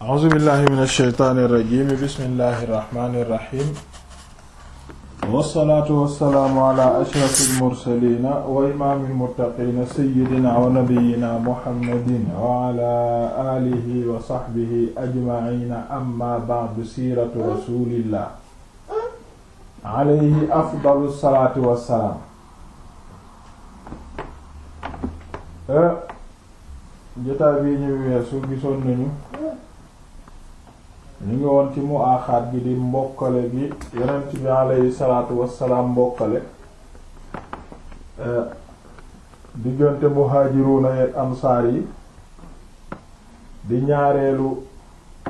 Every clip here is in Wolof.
a'uuzu billahi min alsheytaani irrajim bismillahi irrahmani irrahim wassalaatu wassalaamu ala ashrafi almursalina wa imaami almuttaqina sayidina wa nabiyina muhammadin wa ala aalihi wa saxbihi ajmaina amma ba'du siiratu rasulillah alayhi afdalu salaatu wassalaam eh, jotaay bi ñu weesu gisoon nañu ñu ngi woon ci mu aaxaat gi di mbokkale gi yonent bi alayhi salaatu wassalaam mbokkale eh, diggante muhaajiruuna yeek ansaar yi di ñaareelu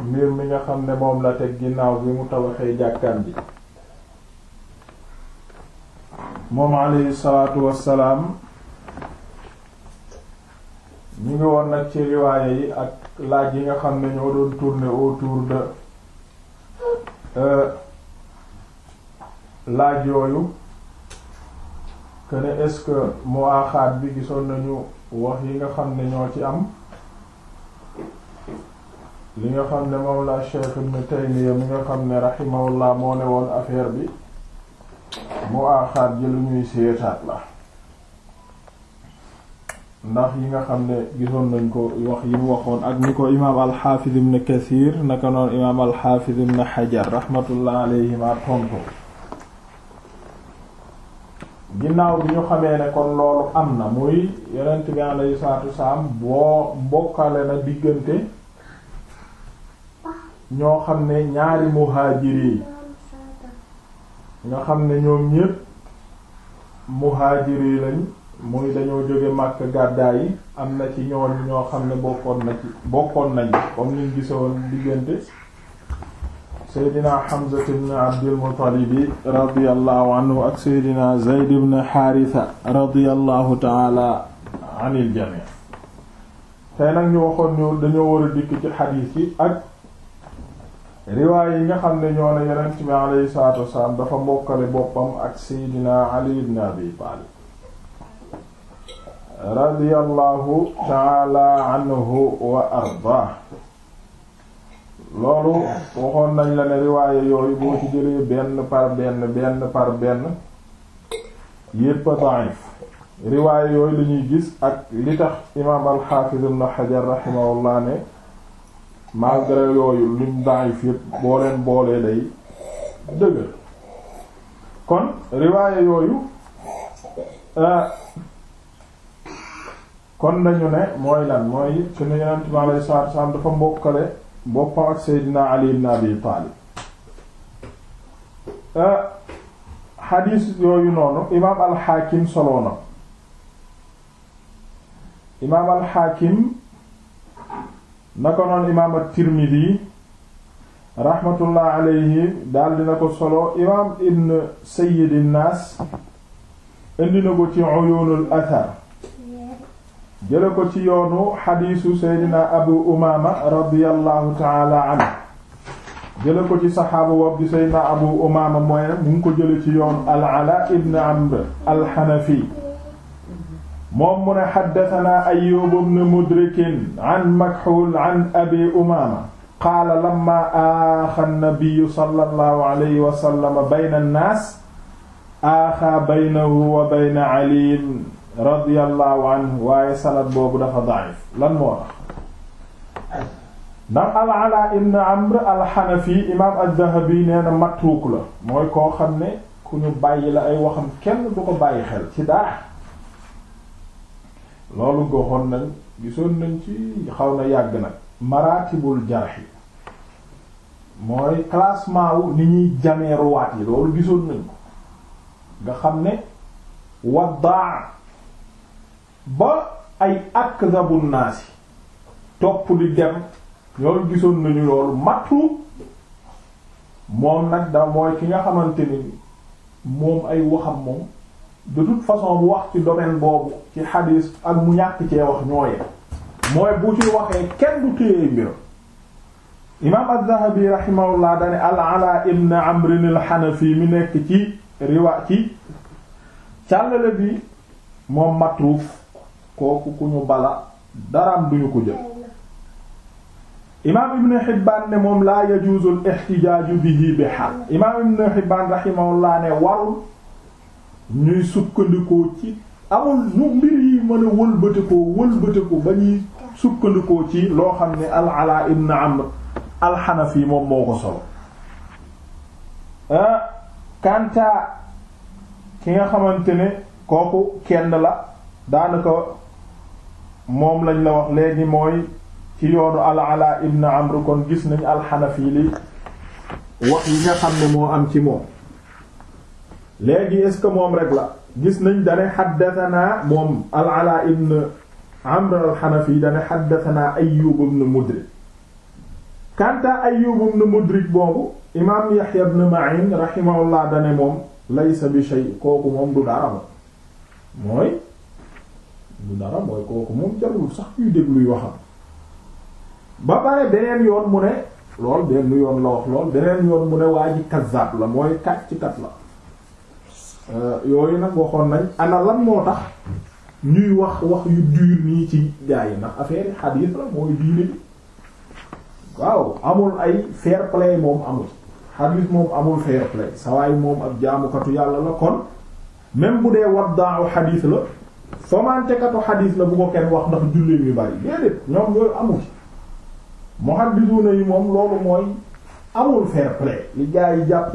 mbir mi nga xam ne moom la teg ginnaaw bi mu tabaxee jàkkaan bi moom alayhi salaatu wassalaam ñu ngi woon nag ci riwaaya yi ak laaj yi nga xam ne ñoo doon tourner autour de euh, laaj yooyu que ne est-ce bi gisoon nañu wax yi nga xam ne ñoo ci am li nga xam ne moom la Cheikh Ibn Taymiyya mi nga xam ne rahimahullah moo ne woon affaire bi muwaaxaat ji lu ñuy seetaat la ndax yi nga xam ne gisoon nañ ko wax yi mu waxoon ak ni ko imaam alxaafiz ibn kasiir naka noonu imaam alxaafiz ibn xajar raxmatullah alayhima tonto ginnaaw bi ñu xamee ne kon loolu am na muy yonent bi alayhi salaatu wasalaam boo mbokkale na diggante ñoo xam ne ñaari muhaajiri nga xam ne ñoom ñépp muhaajiri lañ muy dañoo jóge Makka gàddaa yi am na ci ñooñu ñoo xam ne bokkoon na bokkoon nañ comme niñ gisoon diggante Seydina Hamza ibn Abdul Muttalib radiyallahu anhu ak Seydina Zayd ibn Haritha radiyallahu ta'ala anil jami' tey nag ñu waxoon ñu dañoo war a dikk ci xadiis yi ak riwaay yi nga xam ne ñoo ne Yonent bi alayhi salaatu dafa mbokkale boppam ak Seydina Ali ibn Abi Talib radiyallahu taala anhu wa arda loolu waxoon nañ la ne riwaaye yooyu boo ci jëlee benn par benn benn par benn yépp da'if riwaaye yooyu la gis ak li tax imaam al-Hafiz ibn Hajar rahimahullah yooyu lim da'if yépp boo leen boolee day dëgër kon riwaaye yooyu euh, kon dañu ne mooy lan mooy su ne yonent bi alayhi salaatu salaam dafa mbokkale boppam Seydina Ali ibn Abi Taalib xadiis euh, yooyu noonu imaam alxaakim soloo na imaam alxaakim na ko noonu imaam at-Tirmidi alayhi daal dina ko solo imaam ibn Sayyid naas indi na ko ci Uyuunul Athar jële ko ci yoonu xadiisu seydina abu umaama radiallahu taala anhu jële ko ci saxaaba wob di seydina abu umaama mooy mu ngi ko jële ci yoon al ala ibn amr al xanafi moom mu ne xaddatanaa ayyub ibn mudrikin an makxuul an abi umaama qaala lamma aaxa nabiyu sallallahu alayhi wa sallam bayna annaas aaxa baynahu wa bayna aliin radiyallahu anhu waaye sanad boobu dafa da'if lan moo tax ndax al-Alaa ibn Amr al-Hanafi imaam az-Zahabi nee na la mooy koo xam ne ku ñu bàyyi la ay waxam kenn du ko bàyyi xel ci dara loolu goxoon nañ gisoon nañ ci xaw na yàgg nag maratibul jarxi mooy classement wu ni ñuy jamee ruwaat yi loolu gisoon nañ ko nga xam ne waddaa ba ay akzabu naasi topp di dem loolu gisoon nañu loolu matu moom nag da mooy ki nga xamante ni moom ay waxam moom de toute façon bu wax ci domaine boobu ci xadiis ak mu ñàkk cee wax ñooyee mooy bu ci waxee kenn du téye mbiram imaam az-Zahabi rahimahullah dane al-Ala ibn Amr hanafi mi nekk ci riwa ci càllale bi moom matruuf kooku ku ñu bala daraam duñu ko jël imaam ibn Hibbaan ne moom laa yajuuzul ixtijaaju bihi bi xaal imaam ibn Hibbaan rahimahullah ne warul ñuy sukkandikoo ci amul nu mbir yi mën a wëlbatikoo ba ñuy sukkandikoo ci loo xam ne al Alaa ibn Amr al Hanafi moom moo ko solo ah ki nga xamante ne kooku kenn la daanaka. moom lañ la wax léegi mooy ci yoonu al ala ibn amr kon gis nañ alxanafi li wax yi nga xam ne moo am ci moom léegi est ce que moom rek la gis nañ dane xaddatanaa moom al ala ibn amr alxanafi dane xaddatanaa ayub ibn mudrik kanta ayub ibn mudrik boobu imaam yaxya ibn ma'in rahimahullah dane moom laysa bi shay kooku moom du dara mooy lu dara mooy kooku moom jarul sax ñuy dégluy waxam ba pare beneen yoon mu ne lool benn yoon la wax lool beneen yoon mu ne waa ji la mooy kat ci kat la euh, yooyu nag waxoon nañ ana lan moo tax ñuy wax wax yu dur nii ci gaa yi ndax affaire xadiis la mooy diine bi waaw amul ay fair play moom amul xadiis moom amul fair play sawaay moom ab jaamukatu yàlla la kon même bu dee waddaaw xadiis la fomantekatu xadiis la bu ko kenn wax ndax jullit yu bari déedéet ñoom yooyu amul muhaddisuna yi moom loolu mooy amul fair play li jàpp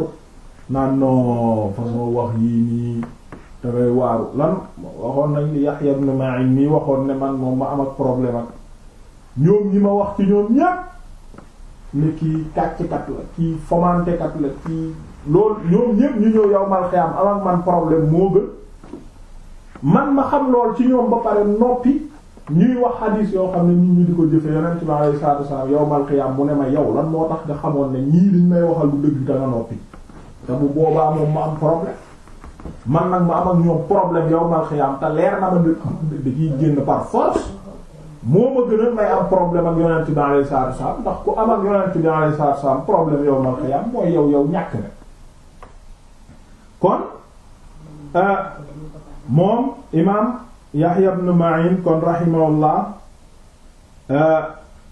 naan non façon wax yii nii dangay waaru lan waxoon nañ li Yahya ibn Ma'in nii waxoon ne man moom ma am ak problème ak ñoom ñi ma wax ci ñoom ñépp ne kii kàcckat la kii fomantekat la kii loolu ñoom ñépp ñu ñëw yow mal xiyam am ak man problème moo gën man ma xam lool ci ñoom ba pare noppi ñuy wax hadis yoo xam ne nit ñi di ko jëfe yonent bi mu ne ma yow lan moo tax nga xamoon ne ñii liñ may waxal du dëgg da noppi te bu boobaa moom ma am problème man nag ma am ak ñoom problème yawmal qiyaam te leer na ma da ciy génn par force moo ma gën a may am problème ak yonent bi alayhi salaatu wasalaam ndax ku am ak yonent bi alayhi salaatu wasalaam problème yawmal qiyaam mooy yow yow ñàkk na kon. Euh, moom imaam Yahya ibn Ma'in kon rahimahullah euh,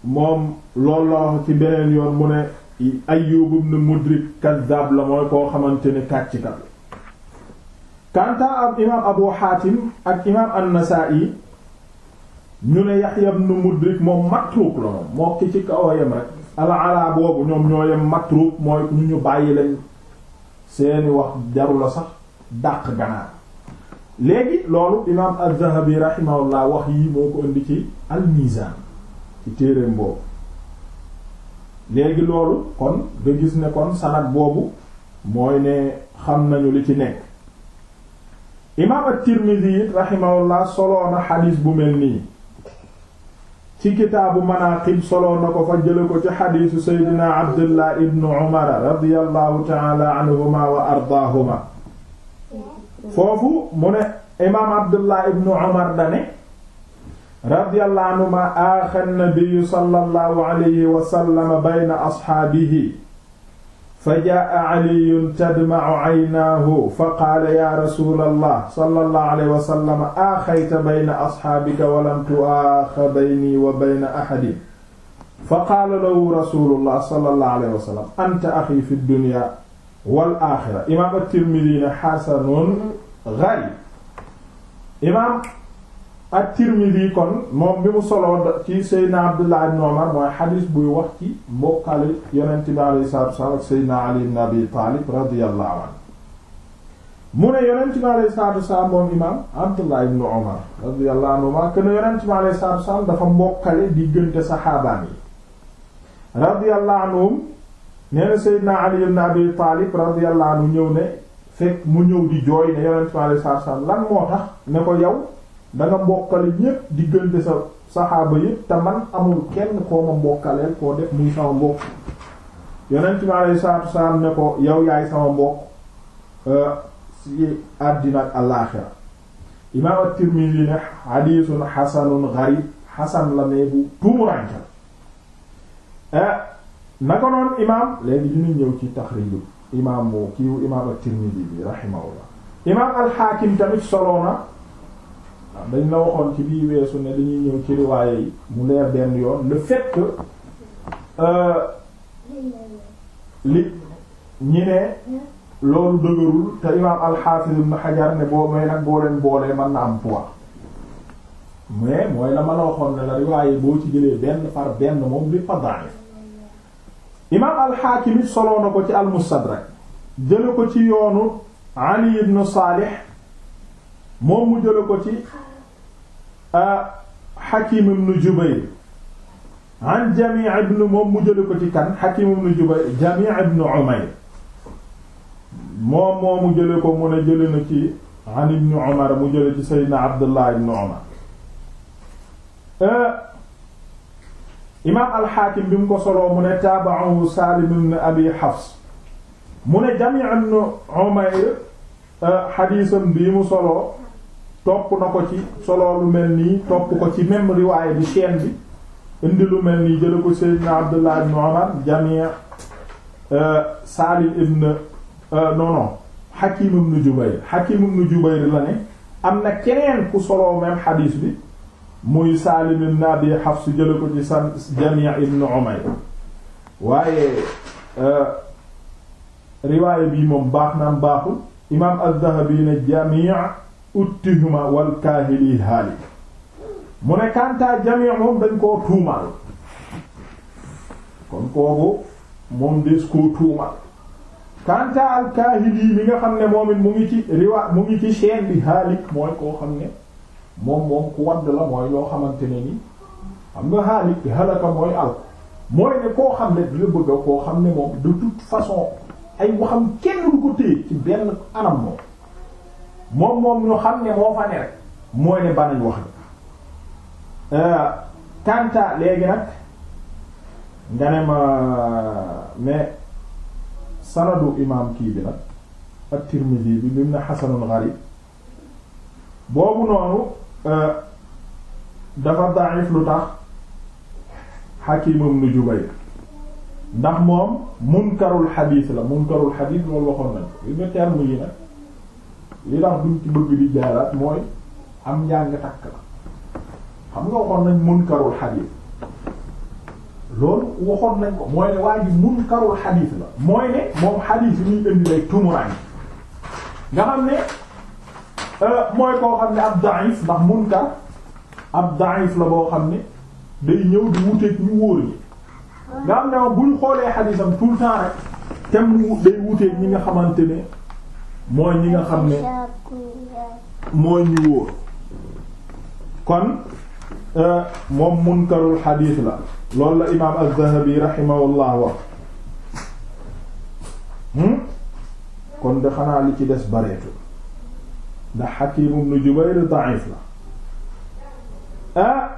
moom loolu la wax ci beneen yoon mu ne Ayyub ibn Mudrik kazzab la mooy koo xamante ni kàcc kat kanta ab imaam Abu Hatim ak imaam An-Nasa'i ñu ne Yahya ibn Mudrik moom matruuk la moom moo ci kaw yem rek ala boobu ñoom ñoo yem matruuk mooy ñu ñu bàyyi lañ seeni wax jarula sax dàq ganaar léegi loolu imaam az-Zahabi rahimahullah wax yi moo ko indi ci al-Mizan ci téereem boobu léegi loolu kon nga gis ne kon sanad boobu mooy ne xam nañu li ci nekk imaam at-Tirmidhi it rahimahullah soloo na xadiis bu mel nii ci kitaabu manaqib soloo na ko fa jële ko ci xadiisu seydina Abdullah ibnu Umar radiyallahu ta'ala anhuma wa ardaahuma foofu mu ne imaam abdullah ibnu omar dane radiyallahu anhuma aaxa nabiyu sallallahu alayhi wa sallam bayna asxaabihi fa jaa caliyun tadmacu caynaahu fa qaala yaa rasula allah sallallahu alayhi wa sallam aaxayta bayna asxaabika walam tuaaxa bayni wa bayna axadin fa qaala lahu rasulullah sallallahu alayhi wa sallam anta axi fi dunya wal aaxira imaam at-Tirmidhi ne xasanun gharib imaam at-Tirmidhi kon moom bi mu soloo ci Seydina Abdullah ibn Umar mooy xadiis buy wax ci mbokkale Yonent bi alayhi salaatu wa salaam ak Seydina Ali ibn Abi Taalib radiyallahu anhu mu ne Yonent bi alayhi salaatu wa moom imaam Abdullah ibn Umar radiyallahu anhuma ken Yonent bi alayhi salaatu wa salaam dafa mbokkale diggante saxaabaan yi radiyallahu anhum nee na Seydina Ali ibn Abi Taalib radiyallahu anhu ñëw ne fekk mu ñëw di jooy ne yonent bi alayhi salaatu salaam lan moo tax ne ko yow da nga ñépp diggante sa saxaaba yépp te man amul kenn koo ma mbokkaleel koo def muy sama mbokk yonent bi alayhi salaatu salaam ne ko yow yaay sama mbokk ci euh, àddina ak alaaxira imaam at-Tirmidhi ne xadiisun xasanun gariib xasan la mais bu tuumuràncal naka noonu imaam léegi ñu ñëw ci taxriiju imaam bu kiiwu imaam at-Tirmidhi bi rahimahullah imaam al tamit solo na dañ la waxoon ci bii weesu ne dañuy ñëw ci riwaaye yi mu leer benn yoon le fait euh, li ñi ne loolu dëgërul te imaam al-Hafiz ibn ne boo may nag boo leen boolee mën na am poids mais mooy la ma la waxoon ne la riwaaye boo ci jëlee benn par benn moom li fa imaam alxaakim it soloo na ko ci almustadrak jële ko ci yoonu ali ibn saalix moom mu jële ko ci xakim ibn jubayr an jami ibn moom mu jële ko ci kan xakim ibn jubayr jami ibn umayr moom moo mu jële ko mu ne jële na ci an ibn umar mu jële ci seydna abdullah ibn umar imaam alxaakim bi mu ko soloo mu ne taabaahu Saalim ibn Abi Hafs mu ne Jami' ibn Umayr xadiisam euh, bii mu soloo topp na ko ci soloo lu mel nii topp ko ci même riwaay bi chaîne bi indi lu mel nii jële ko Seydina Abdullah ibn Umar Jami' euh, ibn euh, Hakim ibn Jubayr Hakim ibn Jubayr la ne am na keneen ku soloo même xadiis bi muy Saalim ibn Abi Hafs jële ko ci san Jamii' ibn Umayr waaye euh, riwaaya bii moom baax na baaxu baaxul imaam Az-Zahabi ne Jamii' uttihuma wal kaahili haali mu ne kantaa Jamii' moom dañ koo tuumal kon kooku moom des koo tuumal kantaa al kaahili mi nga xam ne moom it mu ngi ci riwa mu ngi bi haali mooy koo xam ne moom moom ku wadd la mooy loo xamante ne ni xam nga xaalik halaka mooy al mooy ne koo xam ne dina bëgg a koo xam ne moom de toute façon ay waxam kenn du ko téye ci benn anam moom moom moom ñu xam ne moo fa ne rek mooy ne banañ wax ni euh, tanta léegi nag nga ne ma mais sanadu imam kii bi nag at-Tirmidhi bi bi mu ne xasanul gharib boobu noonu Euh, dafa da'if lu tax Hakim ibn Jubayr ndax moom munkarul xadiis la munkarul xadiis loolu waxoon nañ ko li nga terme yi nag li tax duñ ci bëgg di jaaraat mooy am njàng takk la xam nga waxoon nañ munkarul xadiis loolu waxoon nañ ko mooy ne waa ji munkarul xadiis la mooy ne moom xadiis yi ñuy indi lay tumuraan nga xam ne Euh, mooy koo xam ne ab da'if ndax munkar ab da'if la boo xam ne day ñëw di wuteeg ñu wóor ñi nga xam ne xoolee xadisam tout le nga xamante ne mooy ñi nga xam ne mooy ñu wóor kon euh, moom munkarul xadis la loolu la imaam az-Zahabi la wax hmm? kon de xanaa li ci des bareetu ndax Hakim ibn Jubayr da'if la ah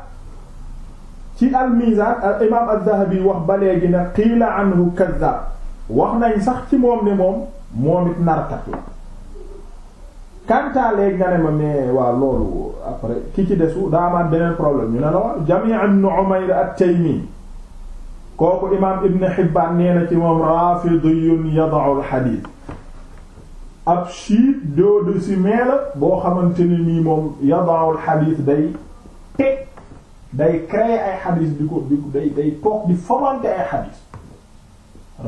ci al-Mizan al imam az-Zahabi wax ba léegi ne qiila anhu kazzab wax nañ sax ci moom ne moom moom it narkat la kantaa léegi nga ne ma mais waaw loolu après ki ci desu daa amaat beneen problème ñu ne la waaw Jami' ibn Umayr at-Taymi kooku imam Ibn Hibban nee na ci moom rafidiyun yada'u al-hadith ab chiite duodécimé la boo xamante ne nii moom yadaawul xadiis day teg day créer ay xadiis di ko di day day toog di fomante ay xadiis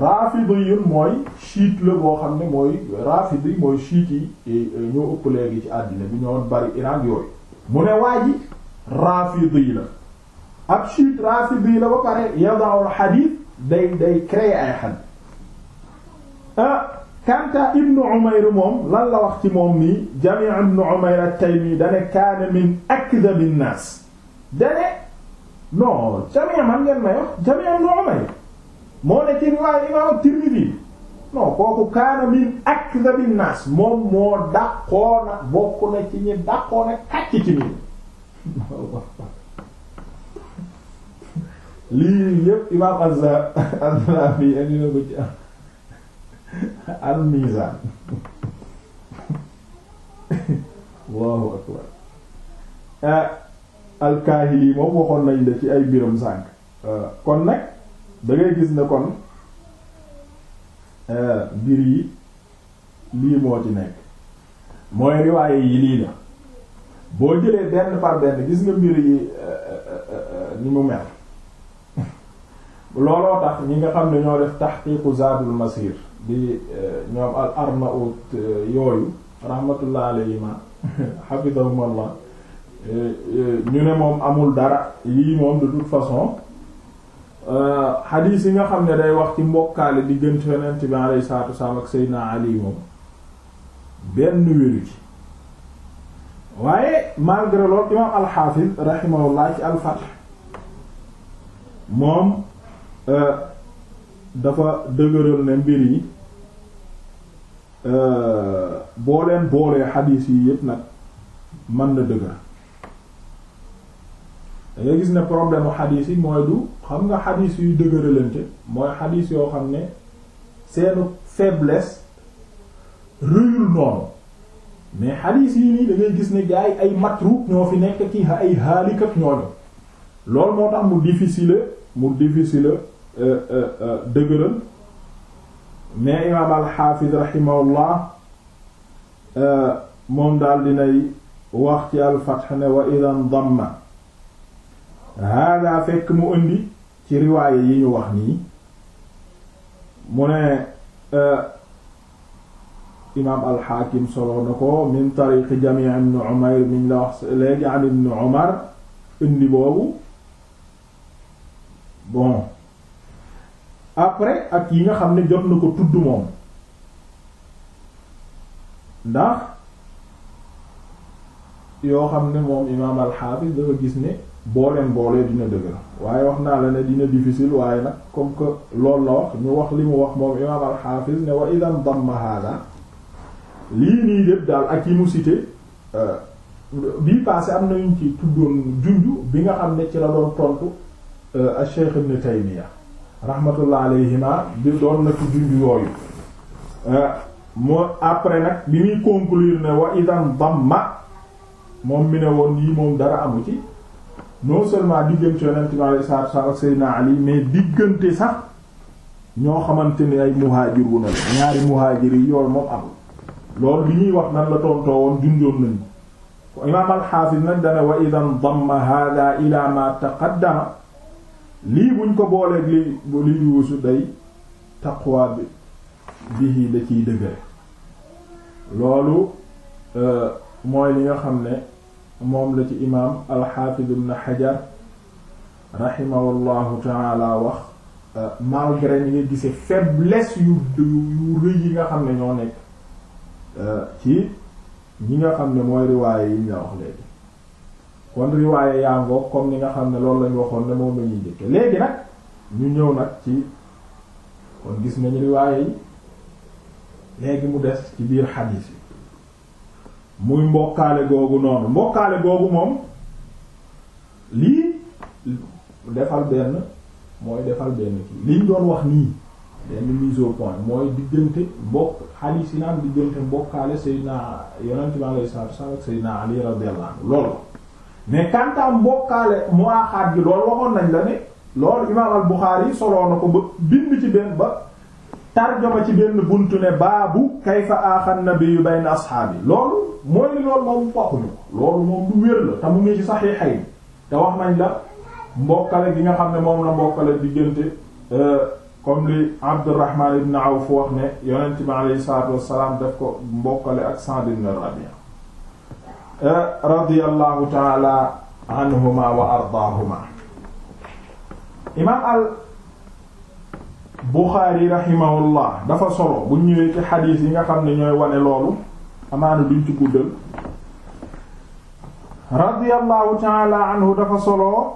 rafidiyun mooy chiite la boo xam ne mooy rafidi mooy chiite yi eh, eh, ñoo ëpp léegi ci àddina bi ñoo bari Iran yooyu mu ne waa ji rafidi la ab chiite rafidi la ba pare yadaawul xadiis day day créer ay xadiis ah kanta ibnu umayr moom lan la wax ci moom nii jami ibnu at-taymi dane kaana min akdab an-nas dane non jami man ngeen may wax jami ibnu moo ne ci riwaaya imam at-tirmidhi non kooku kaana min akdab an-nas moom moo dàqoona bokk na ci ñi dàqoona kàcc ci mi lii yépp imam az-zahabi andi na ko ci al mizaan allahu akbar eh, al kaahili moom waxoon nañ la ci ay biram sànk eh, kon nag dangay gis ne kon eh, mbir yi lii moo ci nekk mooy riwaaye yi lii la boo jëlee benn par benn gis nga mbir yi ni mu mel looloo tax ñi nga xam ne ñoo def tahqiqu zaadul masir di eh, ñoom al arnaut eh, yooyu rahmatullah alayhima hafidahum allah eh, ñu ne moom amul dara yii moom de toute façon xadiis yi nga xam ne day wax ci mbokkaale diggante yonent bi alayhi salaatu wassalaam ak Seydina Ali moom benn wéru ci waaye malgré loolu imaam alxaafid rahimahullah ci al-Fath moom dafa dëgëral ne mbir yi euh, boo leen boolee xadiis yi yépp nag man na dëgër dangay gis ne problème xadiis yi mooy du xam nga xadiis yuy dëgëralante mooy xadiis yoo xam ne seenu faiblesse rëyul noonu mais xadiis yi nii da gis ne gaa yi ay matruuk ñoo fi nekk kii ay haalik ak ñooñu loolu moo tax mu difficile mu difficile Euh, euh, euh, dëgëral mais imaam alxaafiz raximahullah moom daal dinay wax ci alfatx ne wa idan damma haadaa fekk mu indi ci riwaaye yi ñu wax nii mu ne imaam alxaakim solo na ko min tariqi jamii ibn umayr miñ la wax léegi an ibn umar indi boobu bon après ak yi nga xam ne jot na ko tudd moom ndax yoo xam ne moom imaam alxaafis dafa gis ne booleen boolee dina dëgër waaye wax naa la ne dina difficile waaye nag comme que lool la wax ñu wax li mu wax moom imaam alxaafis ne wa idan damma hada lii nii lépp daal ak yi mu cité euh, bii passé am na ñu ci tuddoon junju bi nga xam ne ci la doon tontu euh, al Cheikh Ibn Taymiyya rahmatullah alayhima di doon na ci junj yooyu euh, moo après nag bi muy conclure ne wa idan damma moom mi ne woon yii moom dara amu ci non seulement diggante yonent bi alayhi salaatu wasallam Seydina Ali mais diggante sax ñoo xamante ni ay muhaajiruuna la ñaari muhaajir yi yoolu moom amul loolu bi ñuy wax nan la tontoo woon junjoon nañu imaam alxaafis nag dana wa idan damma hada ila ma taqaddama lii buñ ko booleeg li li yuusu day taqwa bi bihi da ciy dëgëre loolu euh, mooy li nga xam ne moom la ci imaam alxaafid ibn xajar rahimahullahu taala wax euh, malgré ni nga gise faiblesse yu yu rëy yi nga xam ne ñoo nekk euh, ci ñi nga xam ne mooy riwaaye yi ñu wax léegi kon riwaaye yaa ngoog comme ni nga xam ne loolu lañ waxoon ne moom lañuy jëkke léegi nag ñu ñëw nag ci kon gis nañ riwaaye yi léegi mu des ci biir xadiis yi muy mbokkaale googu noonu mbokkaale googu moom lii defal benn mooy defal benn kii liñ doon wax nii benn mise au point mooy diggante mbokk xadiis yi naan diggante mbokkaale Seydina yonent bi alayhi salaatu wa ak Seydina Ali radiyallahu loolu mais kantaa mbokkaale muwaaxaat gi loolu waxoon nañ la ne loolu imaam al Buxaari soloo na ko ba bind ci benn ba tarjama ci benn buntu ne baabu kayfa aaxan nabiyyu bayna ashaabi loolu mooy loolu moom waxuñu ko loolu moom du wér la te mu ngi ci saxiixayn te wax nañ la mbokkale gi nga xam ne moom la mbokkale diggante euh, comme li Abdurrahman ibn Awf wax ne yonent bi alayhi salaatu wassalaam daf ko mbokkale ak Sa'd ibn Rabi'a Eh, radiyallahu taala anhuma wa ardaahuma imaam al Buxaari rahimahullah dafa solo bu ñëwee ci xadiis yi nga xam ne ñooy wane loolu amaana duñ ci guddal radiyallahu taala anhu dafa solo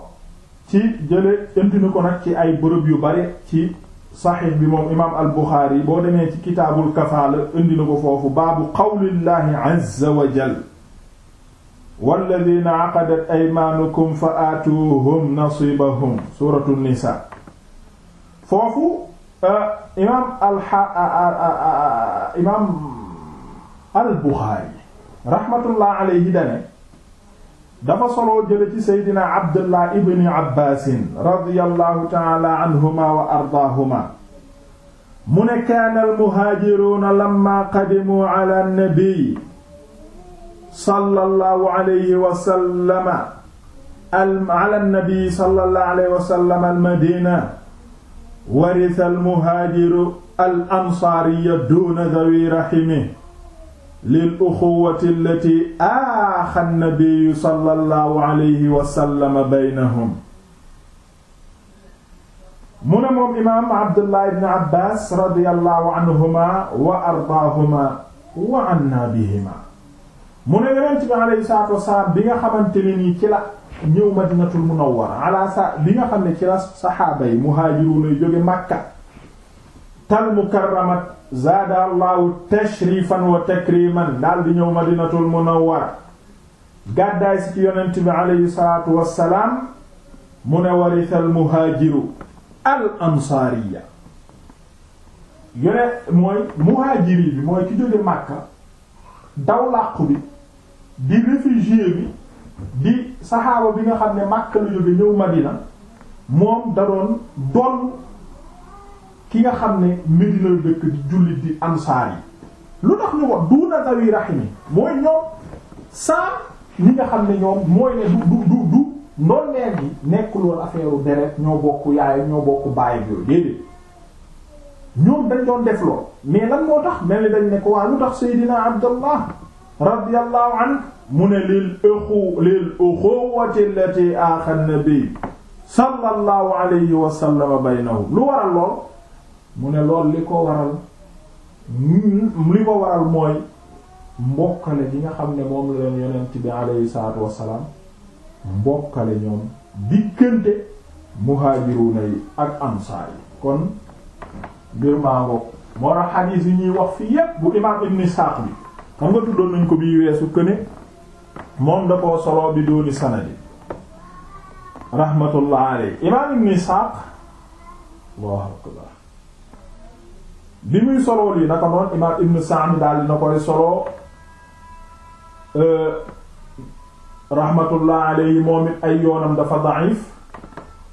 ci jële indi na ko nag ci ay bërëb yu bari ci saxiix bi moom imaam al Buxaari boo demee ci kitaabul kafaala indi na ko foofu baabu qawlillahi azza walladina aqadat aymaanukum fa aatuuhum nasibahum suratu nisa foofu euh, imaam al euh, euh, imaam al buxaari rahmatullah alayhi dane dafa soloo jële ci seydina abdullah ibni abbaasin radiyallahu taala anhuma wa ardaahuma mu ne kaana al muhaajiruuna lamma qadimuu ala nabi sallallahu alayhi wa sallama ala nabi sallallahu alayhi wa sallam al madina warisa al muhaajiru al ansaariya duuna dawi rahimi lil uxuwati allati aaxa nabiyu sallallahu alayhi wa sallam baynahum mu ne moom imaam Abdullah ibn Abbas radiyallahu anhuma wa ardaahuma wa annaa bihimaa mu ne yonent bi alayhi salaatu wasalaam bi nga xamante ne nii ci la ñëw madinatul munawwara ala sa bi nga xam ne ci la saxaaba yi muhaajiruun yu jóge Makka tal mukarramat zaada allahu tashrifan wa takriman daal di ñëw madinatul munawwara gàddaay si ci yonent bi alayhi salaatu wasalaam mu ne warisal muhaajiru al ansaariya yone mooy muhaajiri bi mooy ki jóge Makka daw bi di réfugié bi di saxaaba bi nga xam ne Makka la jóge ñëw Madina moom da doon doon ki nga xam ne Medina dëkk di jullit di ansaar yi lu tax ñu wax duuna dawi rahimi mooy ñoom saa ñi nga xam ne ñoom mooy ne du du du du noon neen gi nekkul woon affaire deret ñoo bokk yaay ñoo bokk bàyyi yooyu déedéet ñoom dañ doon def lool mais lan moo tax mel ni dañ ne ko waa lu tax Seydina Abdallah radiyallahu anhu mu ne lil uxu lil uxuwati allati axa nabi sallallahu alayhi wa sallam baynahum lu waral lool mu ne lool li ko waral li ko waral mooy mbokkale gi nga xam ne moom la leen yonent bi alayhi salaatu wassalaam mbokkale ñoom diggante muhaajiruuna yi ak ansaar yi kon mbir maa moo tax xadiis yi ñuy wax fii yépp bu imaam ibn Isaaq bi xam nga tuddoon nañ ko bii weesu këne moom da koo solo bi dooli sanadi rahmatullah aley imaam ibn Isaaq bi muy solo lii naka noonu imaam ibn Sa'd daal dina koy solo euh, rahmatullah aley moom it ay yoonam dafa da'if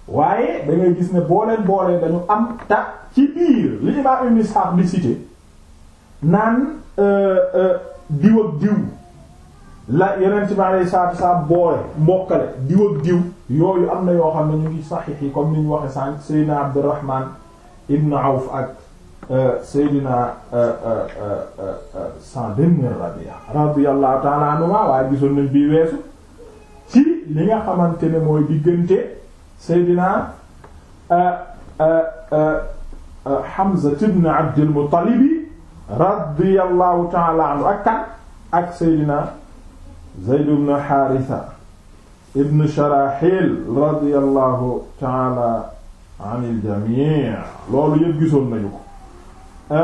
waaye da ngay gis ne boo leen boolee dañu am ta ci biir li imam ibn Ishaq di cité naan euh, euh, diw ak diw la yeneen ci bi alei salatu salaam boole mbokkale diw ak diw yooyu am na yoo xam ne ñu ngi saxiix yi comme ni ñu waxe sànq Seydina Abdurrahman ibn Awf ak euh, Seydina Sa'd ibn Rabi'a radiyallahu ta'ala anhuma waaye gisoon nañ bii weesu ci li nga xamante ne mooy diggante Seydina Hamza ibn Abdul Muttalib radiyallahu ta'ala anhu ak kan ak Seydina Zayd ibn Haritha ibn Sharahil radiyallahu ta'ala anil jami' loolu yëpp gisoon nañu ko ta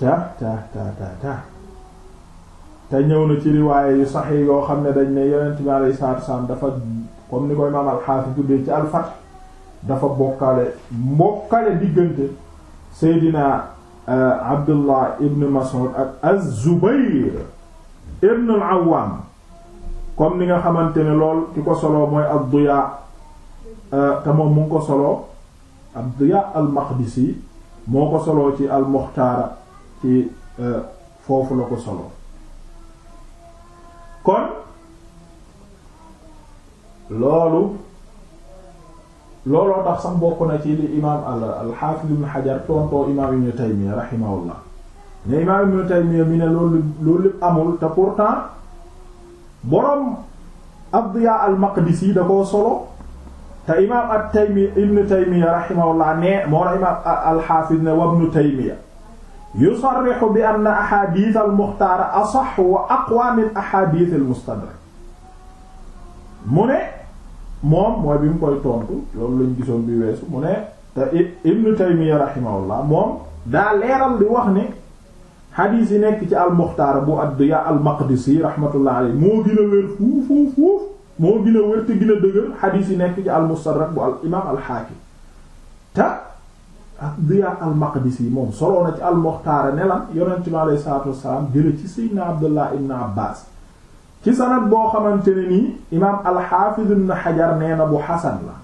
ta ta ta ta te ñëw na ci riwaaye yu sax yi yoo xam ne dañ ne yonent bi alayhi salaatu wa salaam dafa comme ni koy imaam alxaafis tuddee ci alfat dafa bokkale mbokkale diggante seydina euh, abdullah ibn mas'ud ak az-zubayr ibn al-awwam comme ni nga xamante ne lool ki ko solo mooy ad-diya euh, te moom mu ko soloo ad-diya al-maqdisi moo ko soloo ci al-muxtaara ci euh, foofu la ko solo kon loolu looloo tax sax bokk na ci li imaam al al-Hafiz ibn Hajar tontoo imaam ibn Taymiyya rahimahullah ne imaam ibn Taymiyya mi ne loolu loolu lépp amul te pourtant boroom Ad-Diya al-Maqdisi da koo solo te imaam at-Taymi ibn Taymiyya rahimahullah ne moo la imaam al-Hafiz ne wa ibn Taymiyya yusarrihu bi anna ahadith al-Mukhtar asahhu wa aqwa min ahadith al-Mustadrak mu ne moom mooy bi mu koy tontu loolu lañu gisoon bi weesu mu ne te Ibn Taymiyya rahimahullah moom daa leeral di wax ni xadiis yi nekk ci al bu al a wér fuuf fuuf fuuf moo gën a wér nekk ci al-Mustadrak bu al-Imaam al-Haakim te ad-Diyaa al moom soloo na ci al-Muxtaar ne lan Yonent bi alayhi salaatu wa salaam jële ci Seydina Abdullah ibn Abbaas ci sanad boo xamante ne nii imaam al-Hafiz ibn Hajar nee na bu xasan la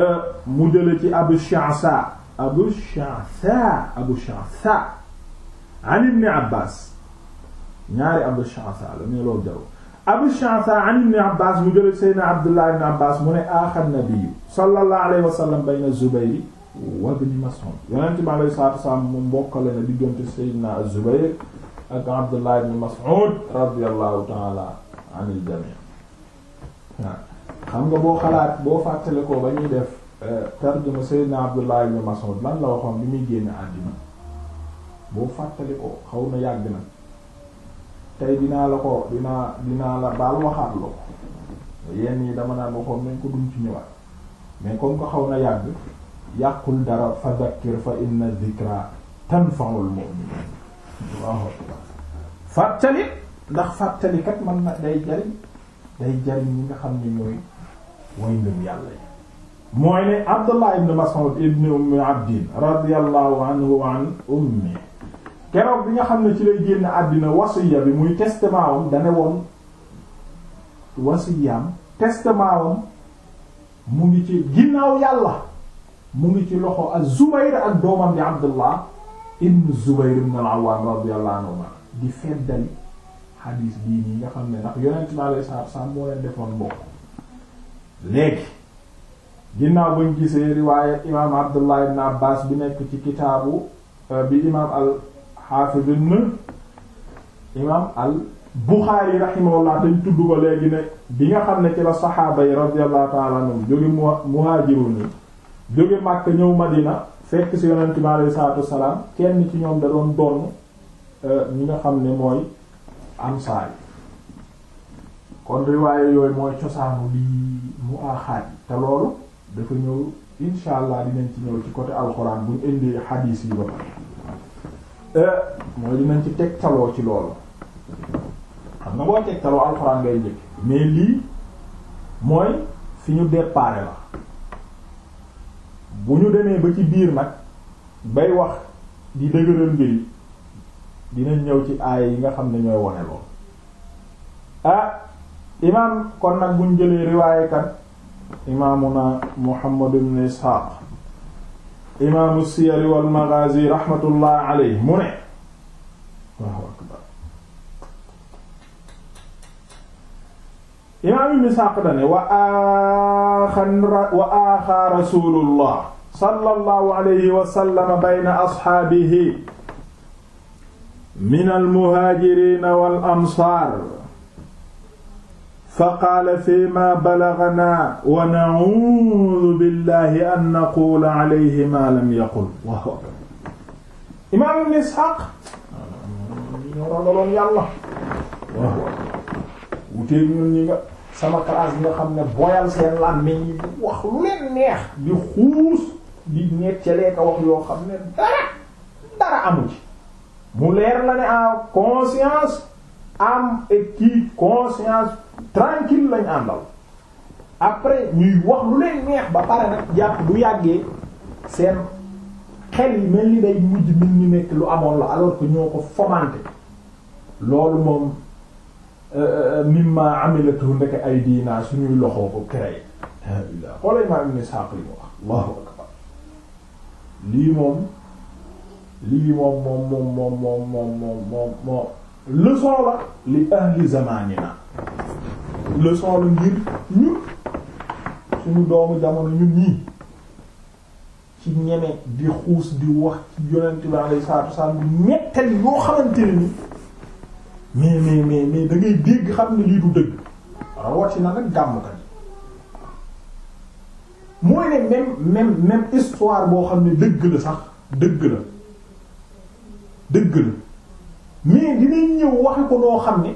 euh, mu jële ci Abu Sha'sa Abu Sha'sa Abu Sha'sa an ibn Abbas ñaari Abu Sha'sa la ne loolu jaru Abu Sha'sa an ibn Abbas mu jële Seydina Abdullah ibn Abbas mu ne aaxa nabiyu sallallahu alayhi wa sallam bayna Zubayr wa ibn Mas'ud yonent bi alayhi salaatu wa salaam mu mbokkale na diggante Seydina Zubayr ak Abdullah ibn Mas'ud radiyallahu ta'ala anil jami' waaw xam nga boo xalaat boo fàttale ko ba ñuy def euh, tarjuma Sayyidina Abdullah ibn Mas'ud lan la waxoon bi muy génn àddina boo fàttale ko xaw na yàgg na tey dinaa la ko dinaa dinaa la baal waxaat loo yenn yi dama naan waxoon nañ ko duñ ci ñëwaat mais comme ko xaw na yàgg yàqul dara fa dhakkir fa inna dhikra tanfa'ul mu'minin fàttali ndax fàttalikat mën na day jariñ day jariñ ñi nga xam ne ñooy way ngëm yàlla yi mooy ne Abdullah ibn Mas'ud ibn Ummi Abdin radiyallahu anhu an ummi keroog bi nga xam ne ci lay génn àddina wasiya bi muy testament wam dane woon wasiyam testament wam mu ngi ci ginnaaw yàlla mu ngi ci loxo az-Zubayr ak doomam di Abdullah ibn Zubayr ibn al-Awwam radiyallahu anhu di feddali xadiis bii nii nga xam ne ndax yonent bi alayhi salaatu salaam moo leen defoon bokk léegi ginnaaw bañ gisee riwaaya imaam Abdullah ibn Abbas bi nekk ci kitaabu euh, bi imaam al-Hafiz ibn imaam al-Bukhari rahimahullah dañ tudd ko léegi ne bi nga xam ne ci la saxaaba yi radiyallahu ta'ala anhum jóge muhaajirun jóge Makka ñëw Madina fekk si yonent bi alayhi salaatu wasalaam kenn ci ñoom da doon donn euh, ñi nga xam ne mooy ansaar yi kon riwaaye yooyu mooy cosaanu li mu aaxaaj te loolu dafa ñëw insha allah dinañ ci ñëw ci côté alxuraan buñ indi xadiis yi ba pare euh, mooy dinañ ci tegtaloo ci loolu xam nga boo tegtaloo alxuraan ngay njëkk mais lii mooy fi ñu déparé la bu ñu demee ba ci biir nag bay wax di dëgëral mbir yi dinañ ñëw ci aaya yi nga xam ne ñoo wone lool ah imaam kon nag buñ jëlee riwaayekat imaamuna Muhammad ibn Isxaaq imaamu siyari wal maghazi rahmatullah mu ne imaam ibn Isaaq dane wa axan wa aaxaa rasulullah sallallahu alayhi wa sallam bayna asxaabihi min almuhaajiriin wal ansaar faqaala fiimaa balaganaa wa na'uudu billahi an naquula alayhi maa lam yaqul waaw imaam ibn Isxaaq ñoo ragaloon yàlla waaw wuteeg ñun ñi nga sama classe bi nga xam ne boyal seen làmmiñ yi di wax lu leen neex di xuus di ñeccalee ko wax yoo xam ne dara dara amu ci mu leer la ne en conscience am et qui conscience tranquille lañ àndal après ñuy wax lu leen neex ba pare nag jàpp bu yàggee seen xel yi mel ni day mujj mën ñu nekk lu amoon la alors que ñoo ko fomenté loolu moom mimma amilatu ndeke ay diina suñuy loxoo ko créé alhamdulilah xoolal imaam Ibn Isxaaq li mu wax allahu akbar lii moom lii moom moom moom moom moom moom moom moom moom leçon li ahli zamanina leçon la ngir suñu doomu jamono ñun ñii ci ñeme di xuus di wax ci yonent bi alayhi salaatu wasallam ñetteel yoo xamante ne ni mais mais mais mais da dégg xam ne lii du dëgg rawatina nag gàmmkat yi mooy ne même même même histoire boo xam ne dëgg la sax dëgg la dëgg la mais dinañ ñëw waxe ko noo xam ne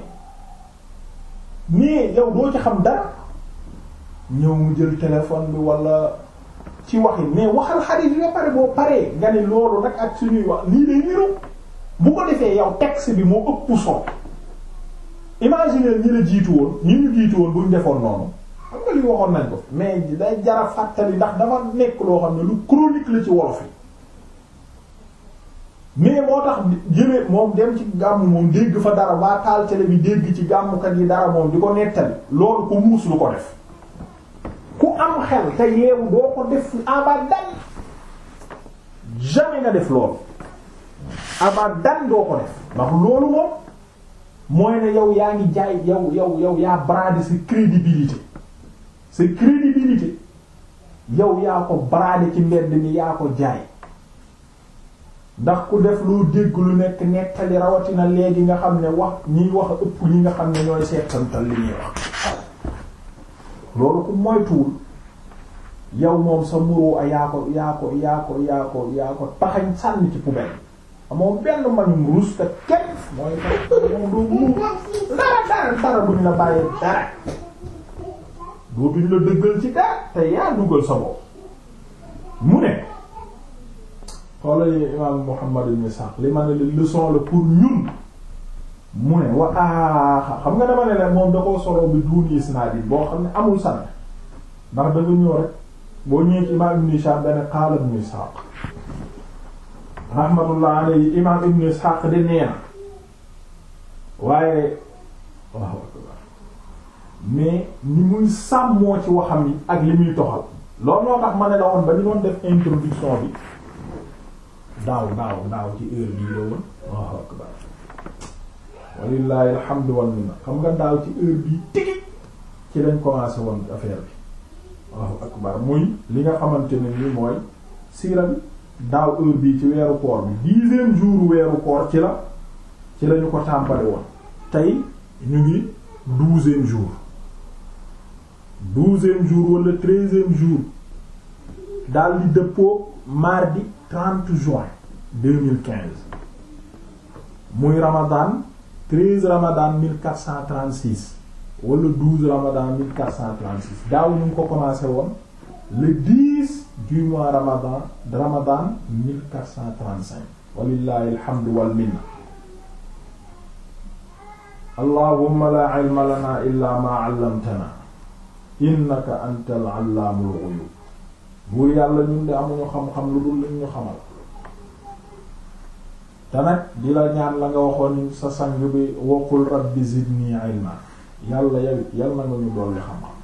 mais yow doo ci xam dara ñëw mu jël téléphone bi walla ci waxi mais waxal xarit bi ba pare boo paree nga ne loolu nag ak suñuy wax lii lay niru bu ko defee yow texte bi moo ëpp solo imaginer ñi la jiitu woon ñi ñu jiitu woon buñ defoon noonu xam nañ ko mais day jara fàttali ndax dafa nekk loo xam ne lu chronique la ci wolof yi mais moo tax jëlee moom dem ci gàmm moom dégg fa dara waa taal télé bi dégg ci gàmmkat yi dara moom di ko nettali loolu ku muus lu ko def ku am xel te yeewu doo ko def abadan jamais nga def loolu abadan doo ko def ndax loolu moom mooy ne yow yaa ngi jaay yow yow yow yaa brader sa crédibilité sa crédibilité yow yaa ko brader ci mbedd mi yaa ko jaay ndax ku def loo dégg lu nekk nettali rawatina léegi nga xam ne wax ñiy wax ëpp ñi nga xam ne ñooy seetantal li ñuy wax loolu ku moytuwul yow moom sa muroo a yaa ko yaa ko yaa ko yaa ko taxañ sànni ci poubelle amoo benn mbañum ruus te kenn mooy moom doo dara dara dara duñ la bàyyi dara doo duñ la dëggal ci dara te yaa dugal sa mu ne xoolal imaam Muhammad ibn li ma ne la leçon la pour ñun mu ne wa ah, xam nga dama ne la moom da koo solo bi duuni isnaad yi boo xam ne amul sanad ndax da nga ñëw rek boo ñëwee ci imaam Ibn Hisham dana qaala Ishaq rahmatullah alayhi imam ibn Ishaq di nee waaye waaw mais ni muy sàmmoo ci waxam yi ak li muy toxal loolu moo tax ma ne la woon ba ñu doon def introduction bi daaw daaw daaw ci heure bii la woon waaw akbar walillahi alhamdu wal xam nga daaw ci heure bii tigi ci lañ commencé woon affaire bi waaw akbar muy li nga xamante ne mooy siira bi daaw heure bii ci weeru koor bi dixième jour weeru koor ci la ci lañu ko tàmbali woon tey ñu ngi douzième jour douzième jour wala treizième jour daal di dëppoo mardi 30 juin 2015 muy ramadan 13 ramadan 1436 wala 12 ramadan 1436 daaw ñu ngi ko commencé woon le 10 du mois ramadan ramadan 1435 walillahi alhamdu wal allahumma la ilma lana illa ma 'allamtana innaka antal allaamul ghuyub buur yàlla ñun de amuñu lu dul luñ ñu xamal te nag di la ñaan la nga waxoon sa sang bi waqul rabbi zidni ilma yàlla yow na nga ñu dolli xam-xam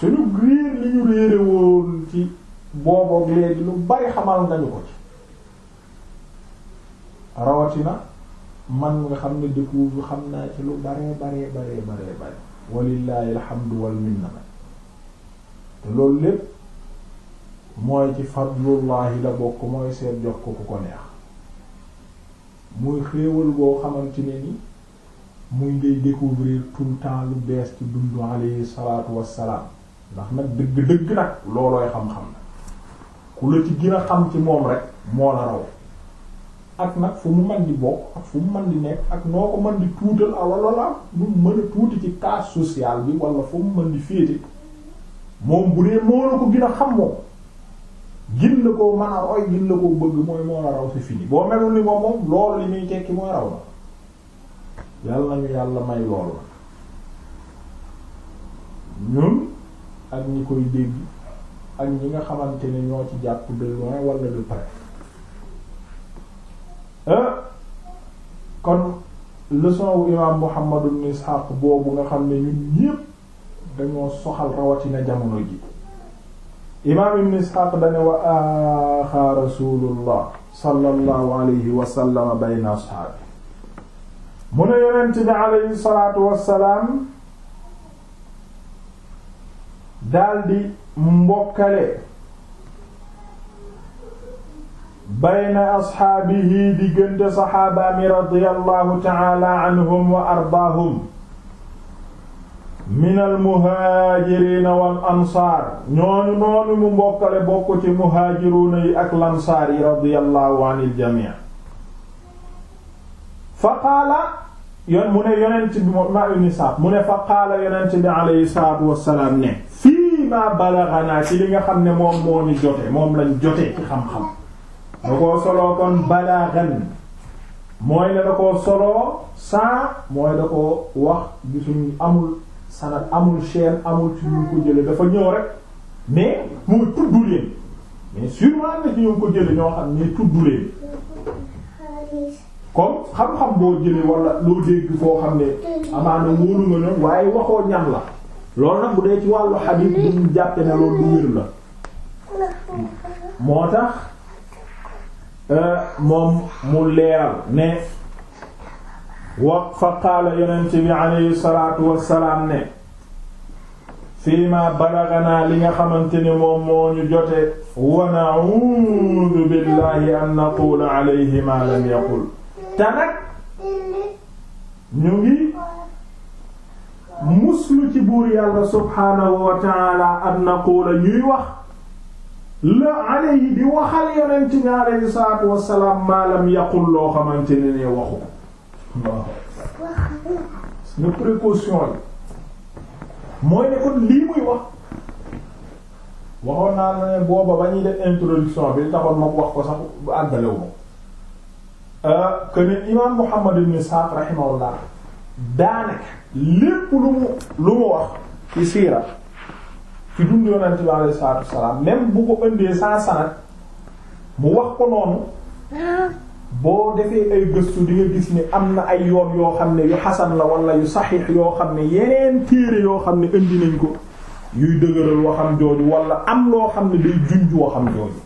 suñu réer li ñu réere woon ci booboog léegi lu bari xamal nañu ko ci rawatina man nga xam ne découvre xam naa ci lu baree baree bari baree bare walillahi alhamdu wal minna te loolu lépp mooy ci fadlullahi la bokk mooy seet jox ko ku ko neex muy xéewal boo xamante ne ni muy ngay découvrir tout temps lu bees ci dundu alayhi salaatu wassalaam ndax nag dëgg-dëgg nag loolooy xam-xam na ku la ci gën a xam ci moom rek moo la raw ak nag fu mu mën di bokk ak fu mu mën di nekk ak noo ko mën di tuutal ah, a a tuuti ci cas social bi wala fu mu mën di féete la xam moom gin la koo mën a roy gin la koo bëgg mooy moo la raw si fini muy tekki mooy raw na yàlla nañu yàlla may loolu la ñun ak ñi koy dégg ak ñi nga xamante ni ñoo ci jàpp de loin wala de près euh, kon leçon wu imaam Muhammad ibn Ishaq boobu nga xam ne ñun ñépp dañoo soxal rawatina jamono ji imaam ibn Ishaq dane wa aaxa rasulullah sallallahu alayhi wa bayna ashaabi mu ne yonent bi alayhi salaatu wassalaam daldi mbokkale bayna asxaabihi diggante saxaabaami radiyallahu ta'ala anhum wa ardaahum min almuhaajiriina wal ansaar ñooñu noonu mu mbokkale bokk ci muhaajiruuna yi ak lansaar yi radiyallahu anil jamii fa qaala yon mu ne yonent bi ma ibn Sa'd mu ne fa qaala yonent bi alayhi salaatu wassalaam ne mimma balaghana ci li nga xam ne moom moo ni jote moom lañ jote ci xam-xam da koo soloo kon balaghan mooy ne da koo soloo sans mooy da ko wax gisuñ amul sanad amul chaîne amul ci ñu ko jële dafa ñëw rek mais muy tudd leen mais sûrement na ci ñu ko jële ñoo xam ne tudd leen comme xam-xam boo jële wala loo dégg foo xam ne amaana wóolu nga ñoom waaye waxoo ñan la loolu nag bu dee ci wàllu xadiis bu ñu jàppe loolu du wér la moo tax euh, moom mu leer ne wa fa qaala yonent bi alayhi salaatu wassalaam ne fii ma balaganaa li nga xamante ni moom moo ñu jote wa na'uudu billahi an naqula alayhi ma lam yaqul te nag ñu ngi muslu gën ci buur yàlla subhaanahu wa taala an naquula ñuy wax la alayhi di waxal yonent lam yaqul loo xamante ne ne waxu waaw ne précaution yi mooy ne kon lii muy wax waxoon naa booba ba ñuy def introduction bi taxoon moom wax ko sax bu àggalewu moom euh, que ne imaam Muhammad ibn Sa'd rahimahullah daanaka lépp lu mu lu mu wax ci siira ci dund yonent bi alayhi salaatu wassalaam même bu ko indee sans sanad mu wax ko noonu boo defee ay gëstu dinga nga gis ni am na ay yoon yoo xam ne yu xasan la wala yu saxiix yoo xam ne yeneen téere yoo xam ne indi nañ ko yuy dëgëral waxam jooju wala am loo xam ne day junj waxam jooju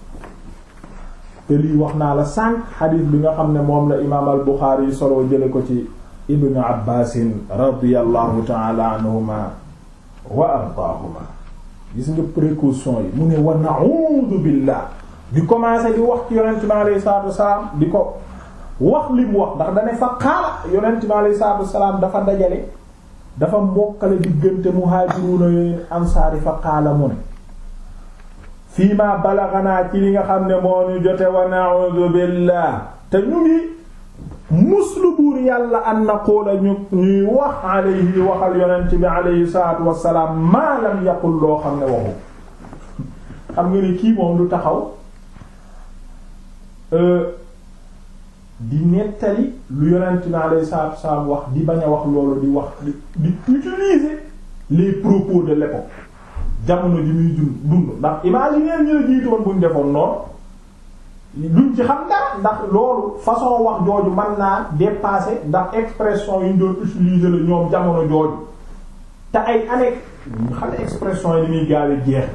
te lii wax naa la sànq xadiis bi nga xam ne moom la imaam al Buxaari yi soloo jële ko ci ibnu abbasin radiallahu taala anhuma wa ardaahuma gis nga précaution yi mu ne wa na'uudu billah di commencé di wax ci yonent bi alayhi salaatu wasalaam di ko wax li mu wax ndax dane fa xaala yonent bi alayhi salaatu wasalaam dafa dajale dafa mbokkale diggante muhaajiruuna yooyu ansaari fa xaala mu ne fii ma balaganaa ci li nga xam ne moo ñu jote wa na'uudu billah te ñu ngi muslu buur yàlla an naquula ñu ñuy wax alayhi waxal yonent bi alayhi salaatu wassalaam maa lam yaqul loo xam ne waxu xam nga ni kii moom du taxaw euh, di nettali lu yonent bi alayhi salaatu wassalaam wax di bañ a wax loolu di wax di di utiliser les propos de l'époque jamono ji muy dund dund ndax imaginez ñu jiitoon buñ defoon noonu duñ ci xam dara ndax loolu façon wax jooju mën naa dépasser ndax expression yi ñu doon ñoom jamono jooju te ay année xam expression yi dañuy gaaw a jeex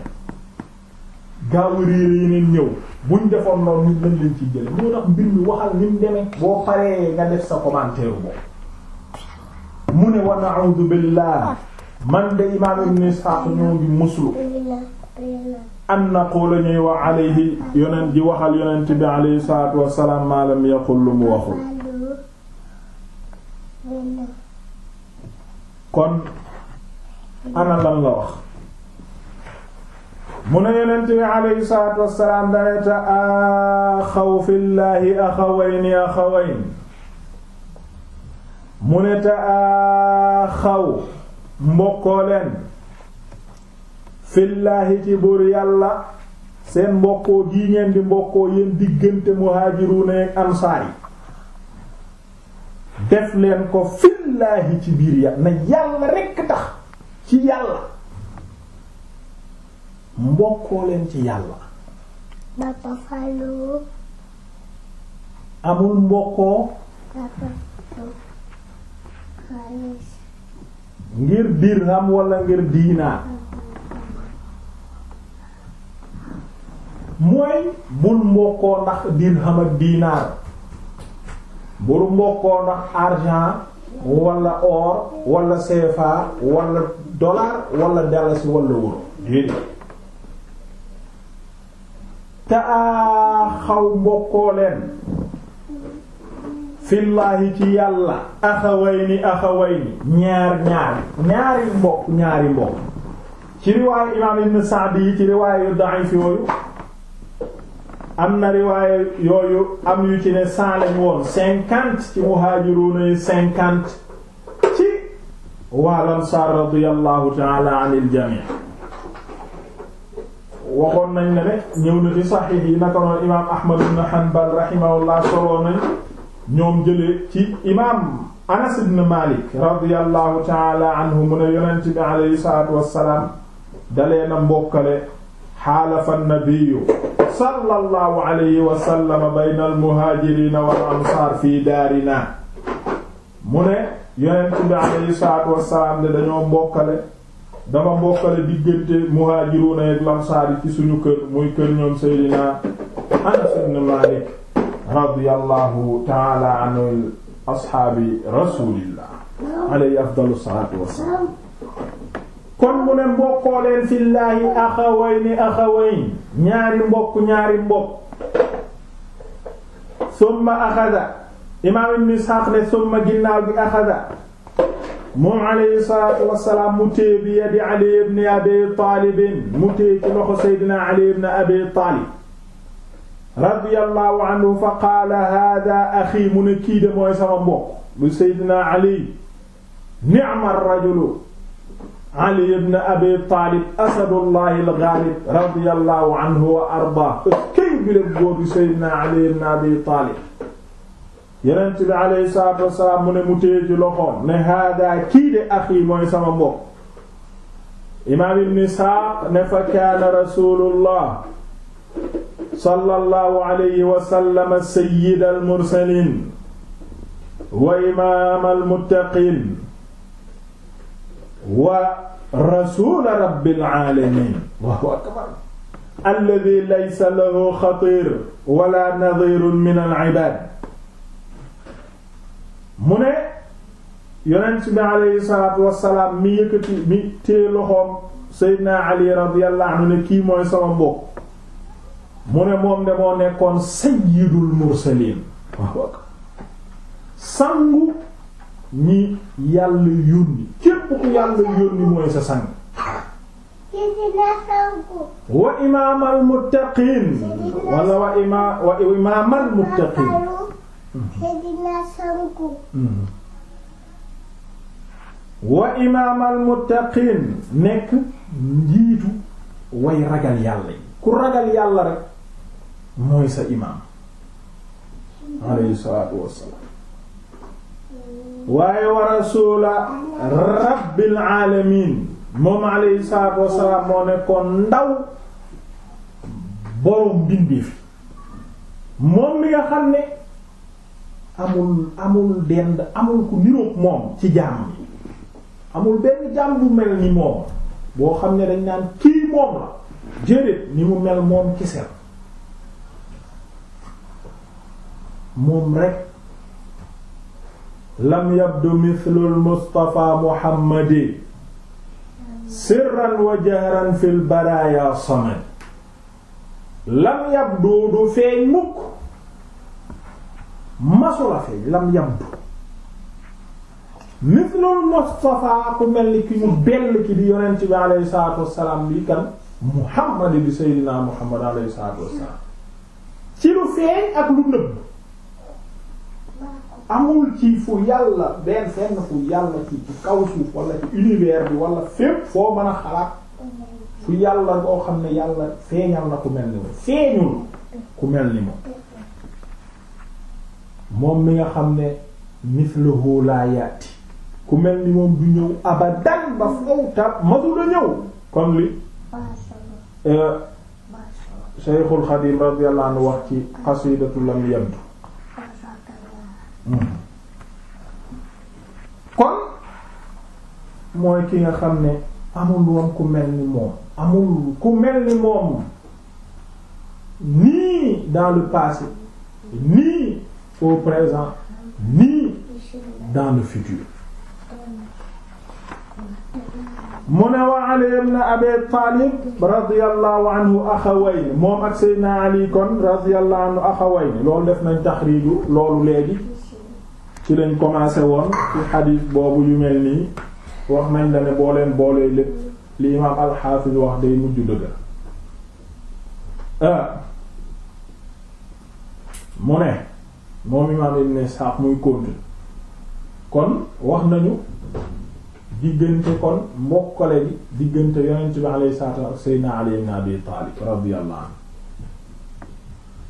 gaaw a réer yeneen ñëw buñ defoon noonu nit lañ leen ci jële moo tax mbir mi waxal ni mu demee boo paree nga def sa commentaire boobu mu ne wa na'udhu man de imaam ibn Ishaq ñoo ngi muslu an naqula ñuy wax alayhi yonent di waxal yonent bi alayhi salaatu wassalaam ma lam yaqul lu mu waxul kon ana lan la wax mu ne yonent bi alayhi salaatu wassalaam dane ta axaw fillaahi axawayni axawayn mu ne ta axaw mbokkoo leen fillaahi ci buur yàlla seen mbokkoo gii ngeen di mbokkoo yéen diggante muhaajiruuna ak ansaar yi def leen ko fillaahi ci biir yàlla na yàlla rekk tax ci yàlla mbokkoo leen ci yàlla amul mbokkoo ngir dirham wala ngir diinaar mooy bul mbokkoo ndax dirham ak dinaar bul mbokkoo ndax argent wala or wala CFA wala dollar wala dalasi wala euro déedéet mbokkoo leen fillaahi ci yàlla axawayni axawayni ñaar ñaari mbokk ñaari mbokk ci riwaayu imaam ibn Sa'di yi ci riwaayu da'if yooyu am na riwaaye yooyu am yu ci ne cent lañ woon ci muhaajiruuna yi cinquante ci wal ansaar radiyallahu ta'ala anil jami' waxoon nañ ne rek na ci saxiix yi naka imaam Ahmad ibn Hanbal rahimahullah soloo nañ ñoom jëlee ci imaam Anas ibn Malik radiyallahu ta'ala anhu mu ne yonent bi alayhi salaatu wassalaam dalee na mbokkale xaalafa nnabiyu sallallahu alayhi wa sallam bayna almuhaajirina wal ansaar fii daarina mu ne yonent bi alayhi salaatu wassalaam de dañoo mbokkale dama mbokkale diggante muhaajiruuna ak lansaar yi ci suñu kër muy kër ñoom seydina anas ibn malik radiyallahu taala an ashaabi rasulillah alayhi afdalu salaatu wassalaam kon mu ne mbokkoo leen fillaahi axawayni axawayn ñaari mbokk ñaari mbokk summa axada imaam ibn Isxaaq ne summa ginnaaw bi axada moom alayhi salaatu wassalaam mu téye bi yadi Ali ibn Abi Taalib mu téye ci loxo Seydina Ali ibn Abi Taalib radiyallahu anhu fa qaala haadaa axii mu ne kii de mooy sama mbokk bu Seydina Ali ni'ma rajulu ali ibn abi taalib asadullahi al-ghalib radiyallahu anhu wa ardaa këy biléb góoru seydina ali ibn abi taalib yenent bi alayhi salaatu wasalaam mu ne mu téye ci loxoom ne hada kii de axi mooy sama mbokk imaam ibn isxaaq ne fa kaana rasulullah sallallahu alayhi wa sallam sayyidal mursaliin wa imaam al muttaqiin wa rasuula rabbil aalamiin Allahu akbar alladhi laysa lahu xatiir wala nadhiirun min al ibaad mu ne yonent bi aleyhi salaatu wassalaam mi yëkkati mi téye loxoom Seydina Ali radiyallahu anhu ne kii mooy sama mbokk mu ne moom de moo nekkoon sayyidul mursaliin Allahu akbar sangu ñi yàlla yónni képp ku yàlla yónni mooy sa sang wa imaamal muttaqiin wala wa imaam wa imaamal muttaqiin wa nekk njiitu way ragal yàlla yi ku ragal yàlla rek mooy sa imaam alayhi salaatu wassalaam waaye wa rasuula rabbil aalamiin moom alayhi salaatu wassalaam moo nekkoon ndaw borom bindeef moom mi nga xam ne amul amul dend amul ku niroog moom ci jaam bi amul benn jaam bu mel ni moom boo xam ne dañ naan kii moom la déedéet ni mu mel moom kisel moom rek lam yabdu mithlul Mustafa Muhammadi sirran wa fil baraaya samad lam yabdu du feeñ mukk masula feeñ lam yabdu mithlul Mustafa ku mel ni ki mu bell ki di yonent bi alayhi salaatu wassalaam bi kan Muhammadi bi Seydina Muhammad alayhi salaatu wassalaam ci lu feeñ ak lu nëbb amul ci fu yàlla benn fenn fu yàlla ci kaw suuf wala ci univers bi wala fépp foo mën a xalaat fu yàlla boo xam ne yàlla feeñal na ku mel ni moom feeñul ku mel ni moom moom mi nga xam ne misluhu laa ku mel ni moom du ñëw abadan ba faw tab masula ñëw comme li Cheikhul euh, Khadim radiyallahu anhu wax ci xasidatu lam yabdu kon mooy ki nga xam ne amul woon ku mel ni moom amul ku mel ni moom nii dans le passé nii au présent nii dans le futur mu ne wa Ali ibn Abi Talib radiyallahu anhu axawayni moom ak Seydina Ali kon anhu axawayni loolu def nañ taxriiju loolu léegi ci lañ commencé woon ci xadiis boobu yu mel nii wax nañ la ne boo leen boolee lépp li imaam alxaafis wax day mujj dëgga ah. mu ne moom imaam ibn Isxaaq muy kóntu kon wax nañu diggante kon mbokkale bi diggante yonent bi alayhi salaatu wa sayyidina Ali ibn Abi Taalib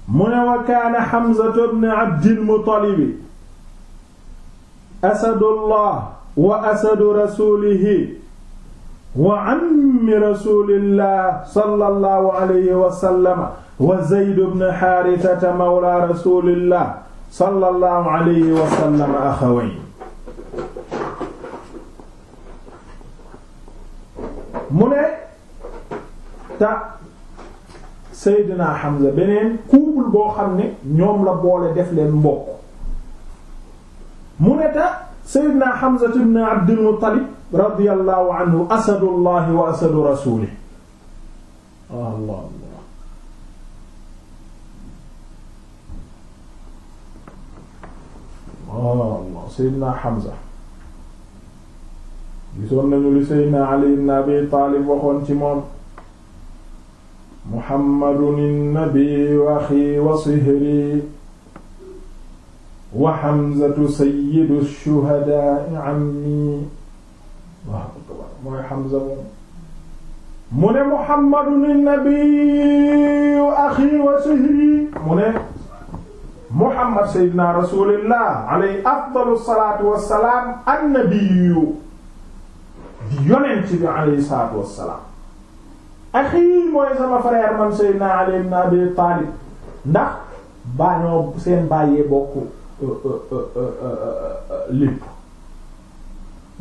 mu ne wa kaana Hamza ibn Abdil Muttalib asadullah wa asadu rasulihi wa ammi rasulillah sallallahu alayhi wa sallama wa zayd ibn haarithata mawla rasulillah sallallahu alayhi wa sallama axaway mu ne ta Seydina Hamza beneen couple boo xam ne ñoom la boole def leen mbokk mu ne ta Seydina Hamza ibn Abdul Muttalib radiyallahu anhu asadullah wa asadu rasulih Allah Allah Allah Seydina Hamza gisoon nañu li Seydina Ali ibn Abi Taalib waxoon ci moom Muhammadun an-nabi wa axi wa sihri wa Hamzatu sayyidu shuhadaa ammi waaw mooy Hamza moom mu ne Muhammadun nabiyyu axi wa sahbi mu ne Muhammad sayyidina rasulillah alayhi afdalu salaatu wa salaam annabiyyu di yonent bi alayhi salaatu wa salaam axi mooy sama frère man sayyidina Ali ibn Abi Taalib ndax baa ñoo seen bàyyee bokk Euh, euh, euh, lépp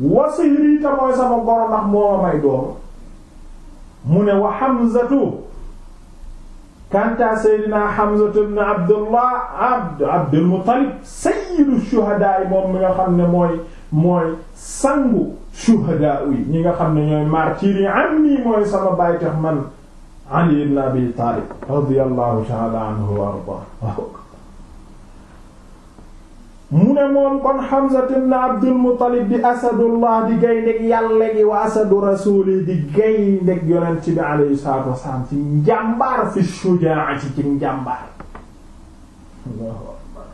wasihrii ta mooy sama goro ndax moo ma may doom mu ne wa Hamzatu kanta Seydina Hamzatu ibn Abdullah abd Abdul Muttalib sayyidu shuhadaa moom mi nga xam ne mooy mooy sangu shuhadaa yi ñi nga xam ne ñooy martyrs yi am nii mooy sama baay tax man Ali ibn Abi Talib radiyallahu ta'ala anhu wa arda mu ne moom kon Hamza ibn Abdul Muttalib di asadullah di gayndeg yàlla gi wa asadu rasuli di gayndeg yonent bi alayhi salaatu wasalaam ci njàmbaar fi shujaa ci ci njàmbaar Allahu akbar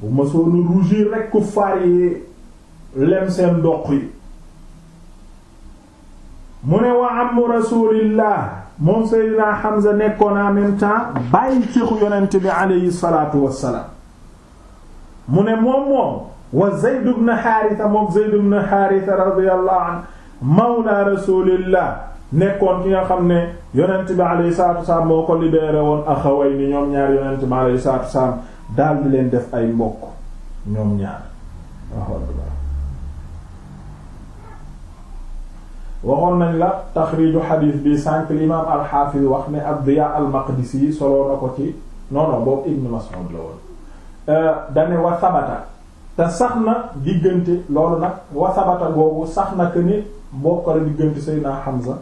bu masoonu rougir rek ku faar yi lem seen doq yi mu ne wa amu rasulillah moom Seydina Hamza nekkoon en même temps bàyyi ceexu yonent bi aleyhi salaatu wassalaam mu ne moom moom wa Zayd ibn Haarisa moom Zayd ibn Haarisa radiyallahu anhu mawla rasulillah nekkoon ki nga xam ne yonent bi aleyhi salaatu wassalaam moo ko libéré woon axaway ni ñoom ñaar yonent bi aleyhi salaatu wassalaam daal di leen def ay mbokk ñoom ñaar waxoon nañ la taxriiju xadiis bi sànq al alxaafiz wax ne ab diyaa almaqdisi soloo na ko ci non non boobu ibnu Mas'ud la woon euh, dane wa sabata te sax na diggante loolu nag wa sabata sax na que ni mbokkale diggante Seydina Hamza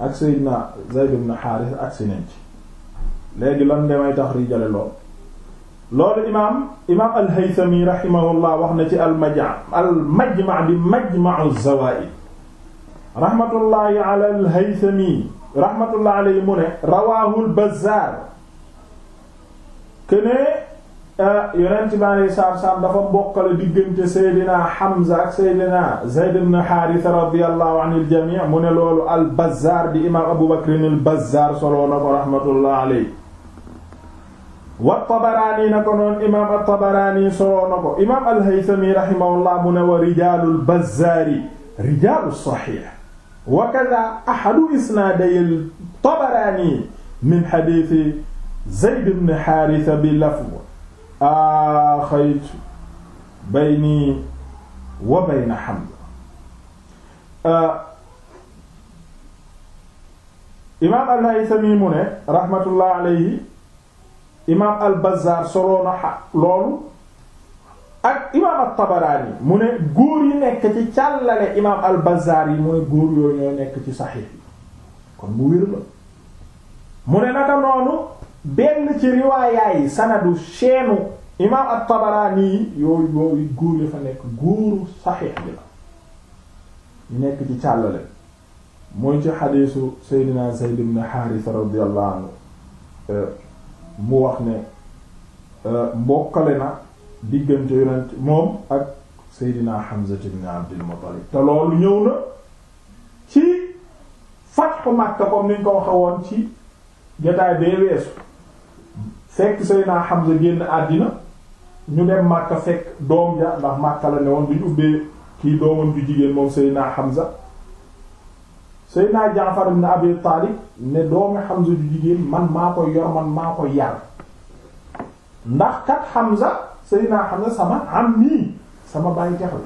ak Seydina Zayd ibn Haaris ak si nañ ci léegi lan demay taxriijale loolu loolu imaam imaam alhaythami rahimahullah wax na ci almajma almajma bi majma'u zawaa'id rahmatullahi ala al-Haythami rahmatullahi alayhi mu ne rawaahul Bazzaar kene eh, yonent bi alayhi salaatu salaam dafa mbokkale diggante Seydina Hamza ak Seydina Zayd ibn Haarisa radiyallahu anil jamii mu ne loolu al Bazzaar di imaam Abu Bakr al Bazzaar soloo na ko rahmatullahi alayhi wa Tabaraani na ko noon imaam at-Tabaraani soloo na ko imaam al-Haythami rahimahullah mu ne wa rijaalul Bazzaari rijaalus sahiih wa kaza ahadu isnaaday al-Tabaraani min hadiisi Zayd ibn Haarisa bi lafz axaytu bayni wa bayna Hamza imaam al-Haythami mu ne rahmatullah alayhi imaam al-Bazzaar soloona loolu ak imaam at-Tabaraani mu ne góor yi nekk ci càllale imaam al-Bazzaar yi mu ne góor yooyu ñoo nekk ci saxiix yi kon mu wér la mu ne naka noonu benn ci riwaayaay sanadu seenu imaam at-Tabaraani yi yooyu yooyu góor yi fa nekk góoru saxiix bi la nekk ci càllale mooy ci xadiisu Seydina Zayd ibn Haarisa radiyallahu anhu mu wax ne euh, mbokkale na diggante yonent moom ak Seydina Hamza ibn Abdul Muttalib te loolu ñëw na ci fatxu Makka comme niñ ko waxe woon ci jotaay bee weesu fekk Seydina Hamza génn àddina ñu dem Makka fekk doom ja ndax Makka la ne woon bi ñu ubbee kii doomam ju jigéen moom Seydina Hamza Seydina Jaafar ibn Abi Taalib ne doomi Hamza ju jigéen man maa ko yor man maa ko yar ndax kat Hamza Seydina xam sama am nii sama bàyyi jaxal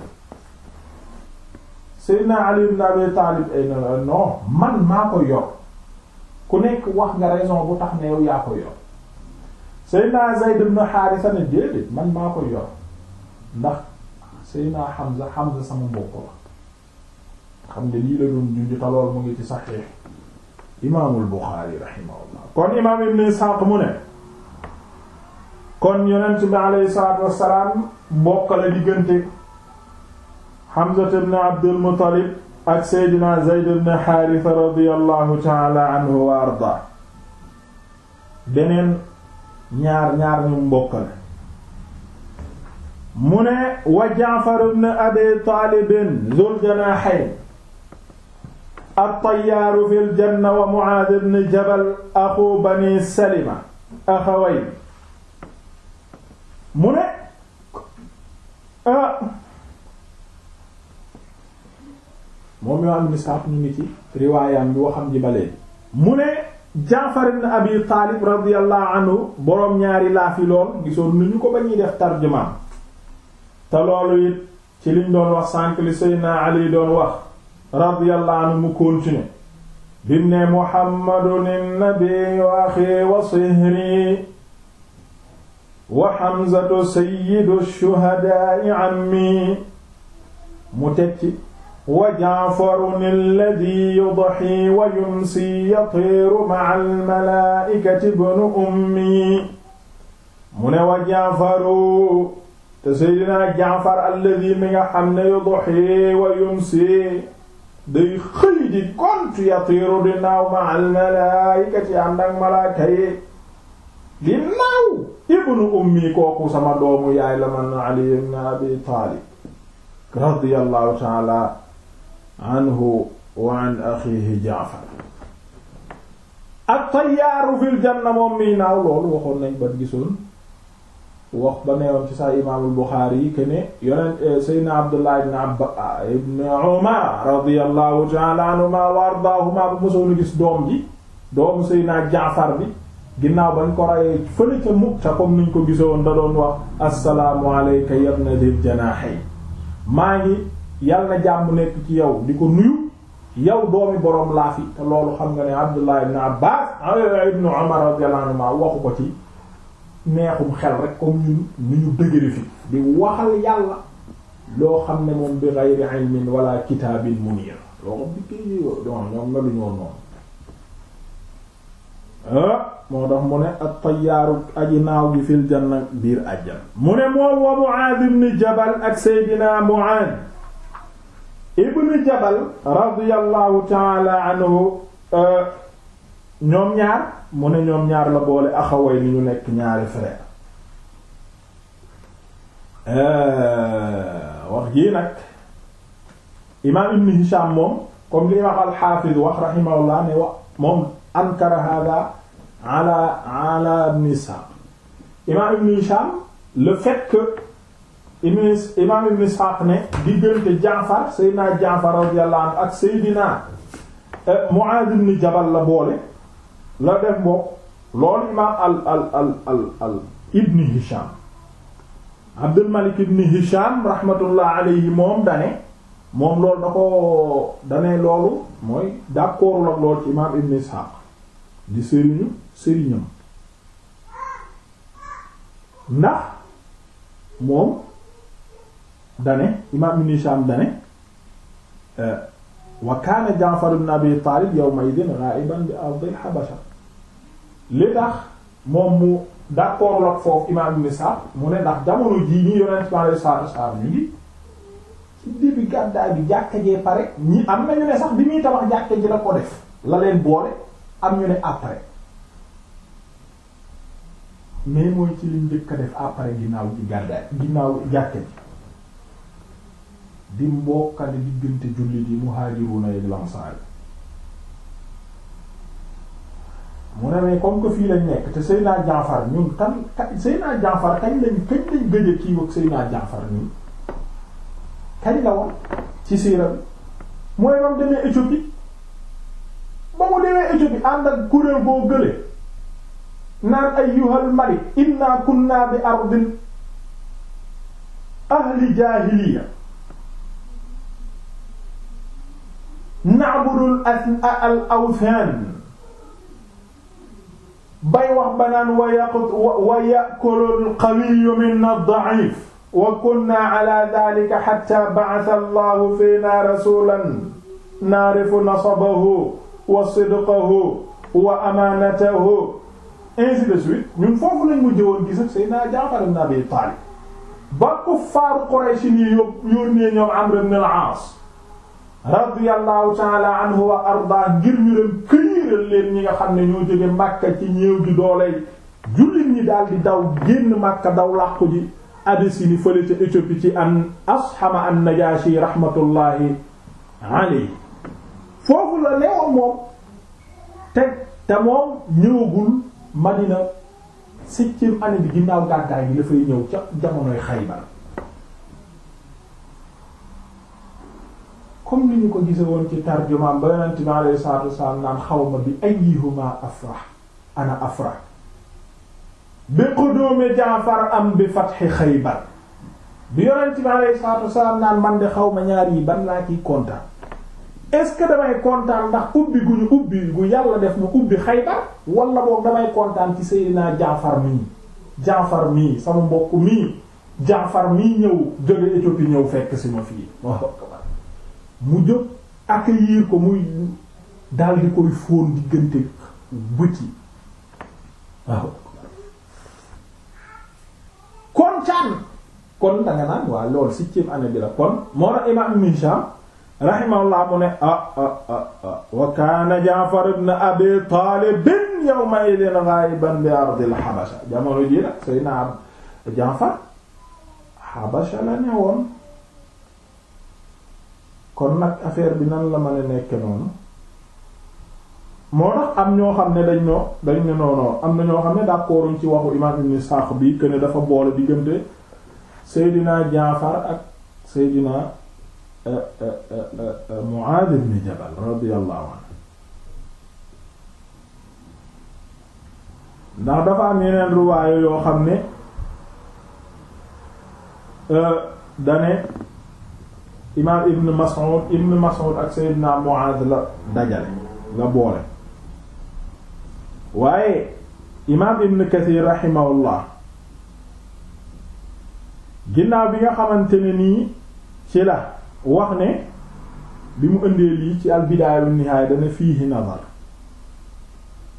Seydina Ali ibn Abi Talib ay eh, euh, man maa ko ku nekk wax nga raison bu tax ne yow yaa ko yor Seydina Zayd ibn Haarisa man maa ko ndax Seydina Hamza Hamza sama mbokk la xam nga mu ngi ci Sahih Imaamul Buxaari rahimahullah kon imaam Ibn Isxaaq mu ne kon yonent bi alayhi salaatu wassalaam bokkale diggante Hamza ibn Abdul Muttalib ak Seydina Zayd ibn Haarisa radiyallahu ta'ala anhu wa arda beneen ñaar ñaar ñu mbokkale mu ne wa Jaafar ibn Abi Taalib Zul Janaahayn at-Tayyaaru fil janna wa Mu'aaz ibn Jabal axu Bani Salima axaway mu ne ah, moom yoo am ni sax ñu ngi riwaayam bi waxam ji balee mu ne Jaafar ibn Abi Taalib radiyallahu anhu boroom ñaari laaf yi lool gisoon nu ñu ko ba ñuy def tarjumaan te loolu it ci liñ doon wax sànq li Seydina Ali doon wax radiyallahu anhu mu continuer bi ne Muhammadun nabiyyu axi wa sihri wa Hamzatu sayyidu shuhadaa'i ammi mu tekki wa Ja'farun alladhi yudhi wa yumsi yatiru ma'a al-malaa'ikati ibnu ummi mu ne wa Ja'faru te Seydina Ja'far alladhi mi nga xam ne yudhi wa yumsi day xëy di kontu yatiru di naaw ma'a al-malaa'ikati ànd ak malaaka yi di naaw ibnu ummi kooku sama doomu ya la man ali ibn abi taalib taala anhu wa an axiihi jaafar at-tayyaaru fil janna moom miy naaw waxoon nañ ban gisoon wax ba neewoon ci saa imaamul buxaari yi que ne eh, abdullah ibn abba eh, ibn umar radiyallahu taala anhuma wa ardaahuma bu mosoonu gis doom ji doomu seydna jaafar bi ginnaaw bañ ko rayee fële ca Mukta comme niñ ko gisoon da doon wax assalaamu alayka ya ibna dil janaahay maa ngi yàlla na jàmm nekk ci yow di ko nuyu yow doomi boroom laa fi te loolu xam nga ne Abdullah ibn Abbas ibn Umar radiyallahu anhuma waxu ko ci neexum xel rek ko ñun ni ñu dëgëri fi di waxal yàlla loo xam ne moom bi ghayri ilmin wala kitaabin munir loo xam di kii don ñoom meluñoo noonu Ah, moo tax mu ne at-tayyaaru aji naaw bi fil janna biir àjjan mu ne moom wa Mu'aaz ibn Jabal ak Seydina Mu'aaz ibn Jabal radiyallahu ta'ala anhu ah, ñoom ñaar mu ne ñoom ñaar la boole axaway ni ñu nekk ñaari frère ah, wax jii nag imaam ibn Hisham moom comme li imaam al-Hafiz wax rahimahullah ne wax moom ankara hada ala ala ibn Ishaq imam ibn Hisham le fait que imam ibn Ishaq ne diggante Jaafar Seydina Jaafar radiyallahu ak Seydina euh، Mu'adh ibn Jabal la boole la def bokk loolu imam al al al al ibn Hisham Abdul ibn Hisham rahmatullah alayhi moom dane moom loolu da ko dane loolu mooy d'accordul ak loolu ci ibn Ishaq di sëriñu sëriñam ndax moom dane imaam ibn Hisham dane euh, wa kaana Jaafar ibn Abi Taalib yawma idin ghaa'iban bi ardil Habasha li tax moom mu d'accord lak foofu imaam ibn Sa'd mu ne ndax jamono jii ñi yonent ma lay saatu saar ñu ngi ci début gàddaay pare ñi am nañu ne sax bi muy tabax jàkka la ko def la leen boole am ñu ne après mais mooy ci liñ njëkk a def après ginnaaw ci garda ginnaaw jàkke bi di mbokkale diggante jullit yi muhaajiruuna yi lansaar yi mu ne mais comme que fii la nekk te Seydina Jaafar ñun kan Seydina Jaafar kañ lañ kañ lañ gëj a kii wag Seydina Jaafar ñun kañ la woon ci siira bi mooy bam demee Éthiopie ba mu demee Éthiopie ànd ak kuréel boo gële naan ayyuhal malik inna kunna bi ardin ahli jaahiliya na'budu al awthan bay wax banaan wa ya'kulu al qawiyyu minna ad-da'if wa kunna 'ala dhalika hatta ba'atha Allahu fina rasulan na'rifu nasabahu wa sidqahu wa amaanatahu ainsi ñun foofu lañ mu jëwoon gis ak Seydina Jaafar ibn Abi Taalib ba kuffaaru Quraysh yi yónnee ñoom Amr ibn al-Aas radiyallahu ta'ala ngir ñu dem këyiral leen ñi nga xam ne ñoo jóge Makka ci ñéew gi dooley jullit ñi daal di daw génn Makka daw làqu ji Abyssinie fële ca Éthiopie ci an Ashama an-Najashi rahmatullahi alayhi foofu la newoon moom te te moom ñëwagul Madina septième année bi ginnaaw gàddaay bi dafay ñëw ca jamonoy Xaybar comme ni ñu ko gise woon ci tarjumaan ba yonent bi alayhi salaatu wassalaam naan xawma bi ayyuhuma afrah ana afrah bi qudumi Jaafar am bi fathi Xaybar bi yonent bi alayhi salaatu naan man de xawma ñaar yi ban laa ciy kontaan est-ce que damay kontaan ndax ubbi gu ñu ubbi gu yàlla def mu ubbi Xaybar wala boog damay kontaan ci Seydina Jaafar mii Jaafar mii sama mbokk mii Jaafar mii ñëw jóge Éthiopie ñëw fekk si ma fii mu jóg accueillir ko muy dal koy fóon diggante bët yi waaw kontaan kon danga naan waa loolu si ceeb année bi la kon moo tax Imaam Ibn rahimahullah mu ne ah, ah ah ah wa kaana Jaafar ibn Abi Taalib yawma idin ghaa'iban bi ardil Habasha jamono ji nag Seydina Jaafar Habasha la ne woon kon nag affaire bi nan la mën a nekk noonu moo tax am ñoo xam ne dañ noo dañ ne noonu am na ñoo xam ne d'accorduñ ci waxu imaam Ibn bi que dafa boole diggante Seydina Jaafar ak Seydina Muaad ibn Jabal radiyallahu anhu ndax dafa am yeneen ruwaayo yoo xam ne dane imaam ibn Mas'ud ibn Mas'ud ak Seydina Muaad la dajale la boole waaye imaam ibn Kathir rahimahullah ginnaaw bi nga xamante ne nii ci la wax ne bi mu ëndee lii ci al bidaaya wa nihaaya dana fiihi nazar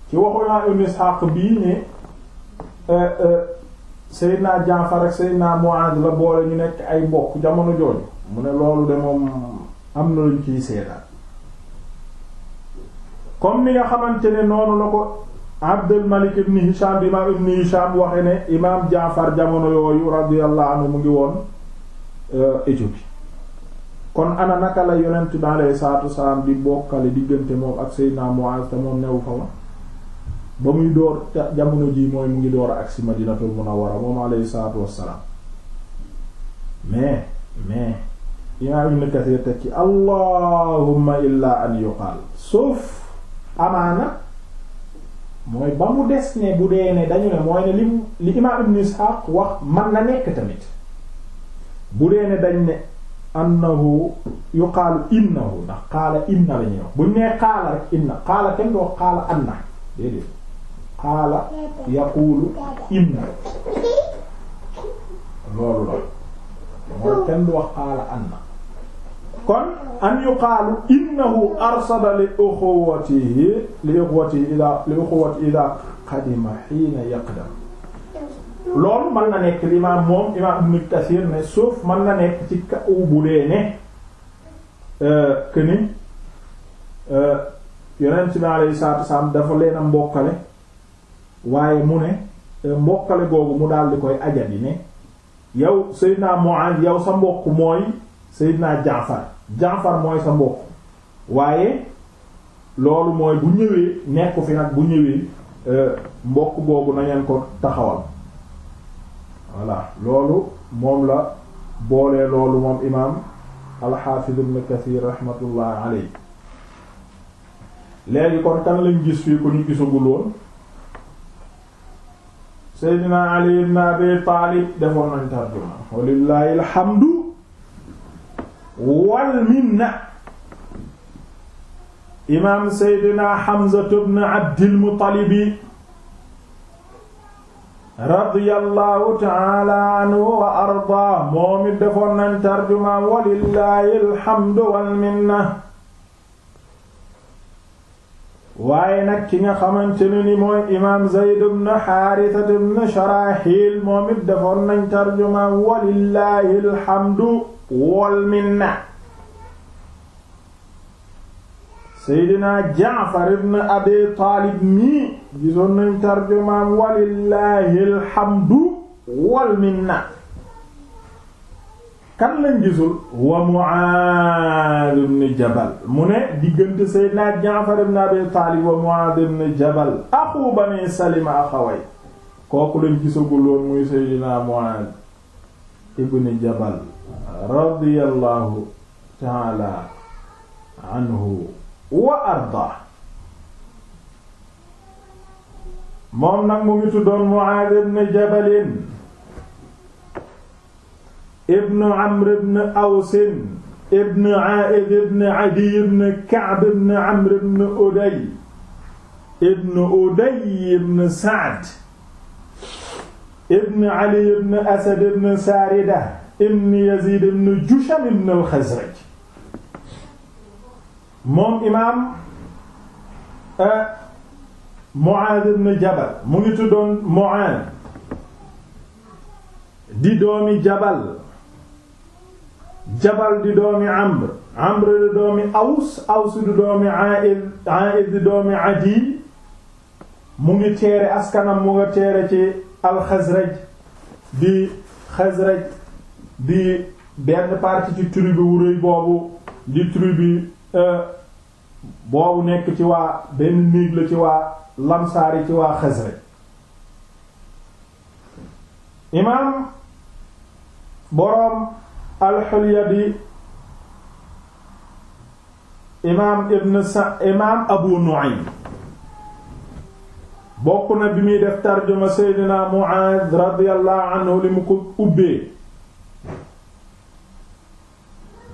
ci waxu naa Ibn Ishaq bii ne eh, eh, Seydina Jaafar ak Seydina Muaad la boole ñu nekk ay mbokk jamono jooju mu ne loolu de moom am na luñ ciy seetaan comme ni nga xamante ne noonu la ko Abdul Malik ibn Hisham imaam Hisham waxe ne imaam Jaafar jamono yooyu radiyallahu mu ngi woon eh, Éthiopie kon ana naka la yonent bi alayhi salaatu di bokkale diggante moom ak Seydina Muaz te moom new fa ba muy door jamono ji mooy mu ngi door a agsi Madinatul Munawwara moom alayhi salaatu wasalaam mais mais imaam Ibn Kathir teg ci allahumma illa an yuqaal sauf amaana mooy ba mu des ne bu dee ne dañu ne mooy ne li li imaam Ibn Ishaq wax man na nekk tamit bu dee ne dañ ne annahu yuqaalu innahu ndax qaala inna la ñuy wax buñ nee qaala rek inna qaala kenn doo qaala anna déedéet qaala yaquulu inna loolu la mooy kenn du wax qaala anna kon an yuqaalu innahu arsala li uxuwatihi li uxuwatihi ila li uxuwatihi ila qadima hiina yaqdam loolu mën na nekk l'imam moom imam Ibn Kathir ne sauf mën na nekk ci kaw bu dee ne euh, que ni euh, yonent bi alayhi salaatu wasalaam dafa leen mbokkale waaye mu ne euh, mbokkale googu mu daal di koy ajadi ne yow Seydina Mu'adh yow sa mbokk mooy Seydina Jaafar Jaafar mooy sa mbokk waaye loolu mooy bu ñëwee nekku fi nag bu ñëwee mbokk boobu nañeen ko taxawal voilà loolu moom la boole loolu moom imaam alxaafid ibn kathir rahmatullah aley léegi kon kan lañ gis fii ko ñu gisagul woon seydina ali ibn abi taalib defoon nañ tarjuma walillahi alhamdu wal imaam seydina hamza ibn abdil muttalibi radiyallahu taala anhu wa arda moom it defoon nañ tarjuma walillahi alhamdu wal minna waaye nag ki nga xamante ne ni mooy imaam Zayd ibn Haaritha ibn Sharaahil moom it defoon nañ tarjuma walillahi alhamdu wal minna seydina Jaafar ibn Abi Taalib mi gisoon nañ tarjumaam walillahi alhamdu wal minna kan lañ gisul wa Muaad ibn Jabal mu ne diggante Seydina Jaafar ibn Abi Taalib wa Muaad ibn Jabal axu Bani Salima axaway kooku lañ gisagul woon muy Seydina Muaad ibn Jabal radiyallahu ta'ala anhu wa arda moom nag mu ngi tuddoon Muaaz ibn Jabal ibn Amr ibn Aws ibn Aaid ibn Adiy ibn Ka'b ibn Amr ibn Uday ibn Uday ibn Sa'd ibn Ali ibn Asad ibn Saarida ibn Yazid ibn Jusham ibn al-Khazraj moom imaam eh, Mu'aaz ibn Jabal mu ngi tuddoon Mu'aaz di doomi Jabal Jabal di doomi Amr Amr di doomi Aws Aws di doomi Aa'id Aa'id di doomi Adiy mu ngi teere askanam mu nga teere ci al-Xasraj di Xasraj di benn partie ci tribu wu boobu di tribu euh, boobu nekk ci waa benn néeg la ci waa lamsaar yi ci waa Xasraj imaam boroom alxulya di imaam ibn sa imaam abu nu'aym bokk na bi muy def tarjuma seydina Mu'aaz radiyallahu anhu li mu ko ubbee